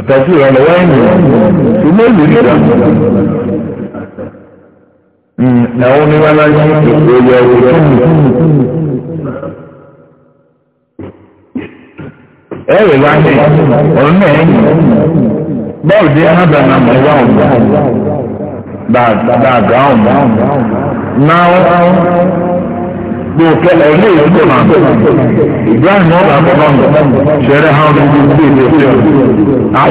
C: Àtàkì ìrọ̀lẹ́ wáyé nù, ṣùgbọ́n èlò nígbà. Àwọn onímọ̀lá ní ìpòyẹ òwúrọ̀ nù.
A: Ẹ̀rẹ̀ wáyé, báwo dé anada na mọ ẹwà ọgbà dàgà ọgbà náà gbò kẹlẹ ilé ìdúgbò náà ibrahim ọgbà bọ náà ṣẹlẹ hàn ní ibi ìdílé
C: ìdílé ọgbà.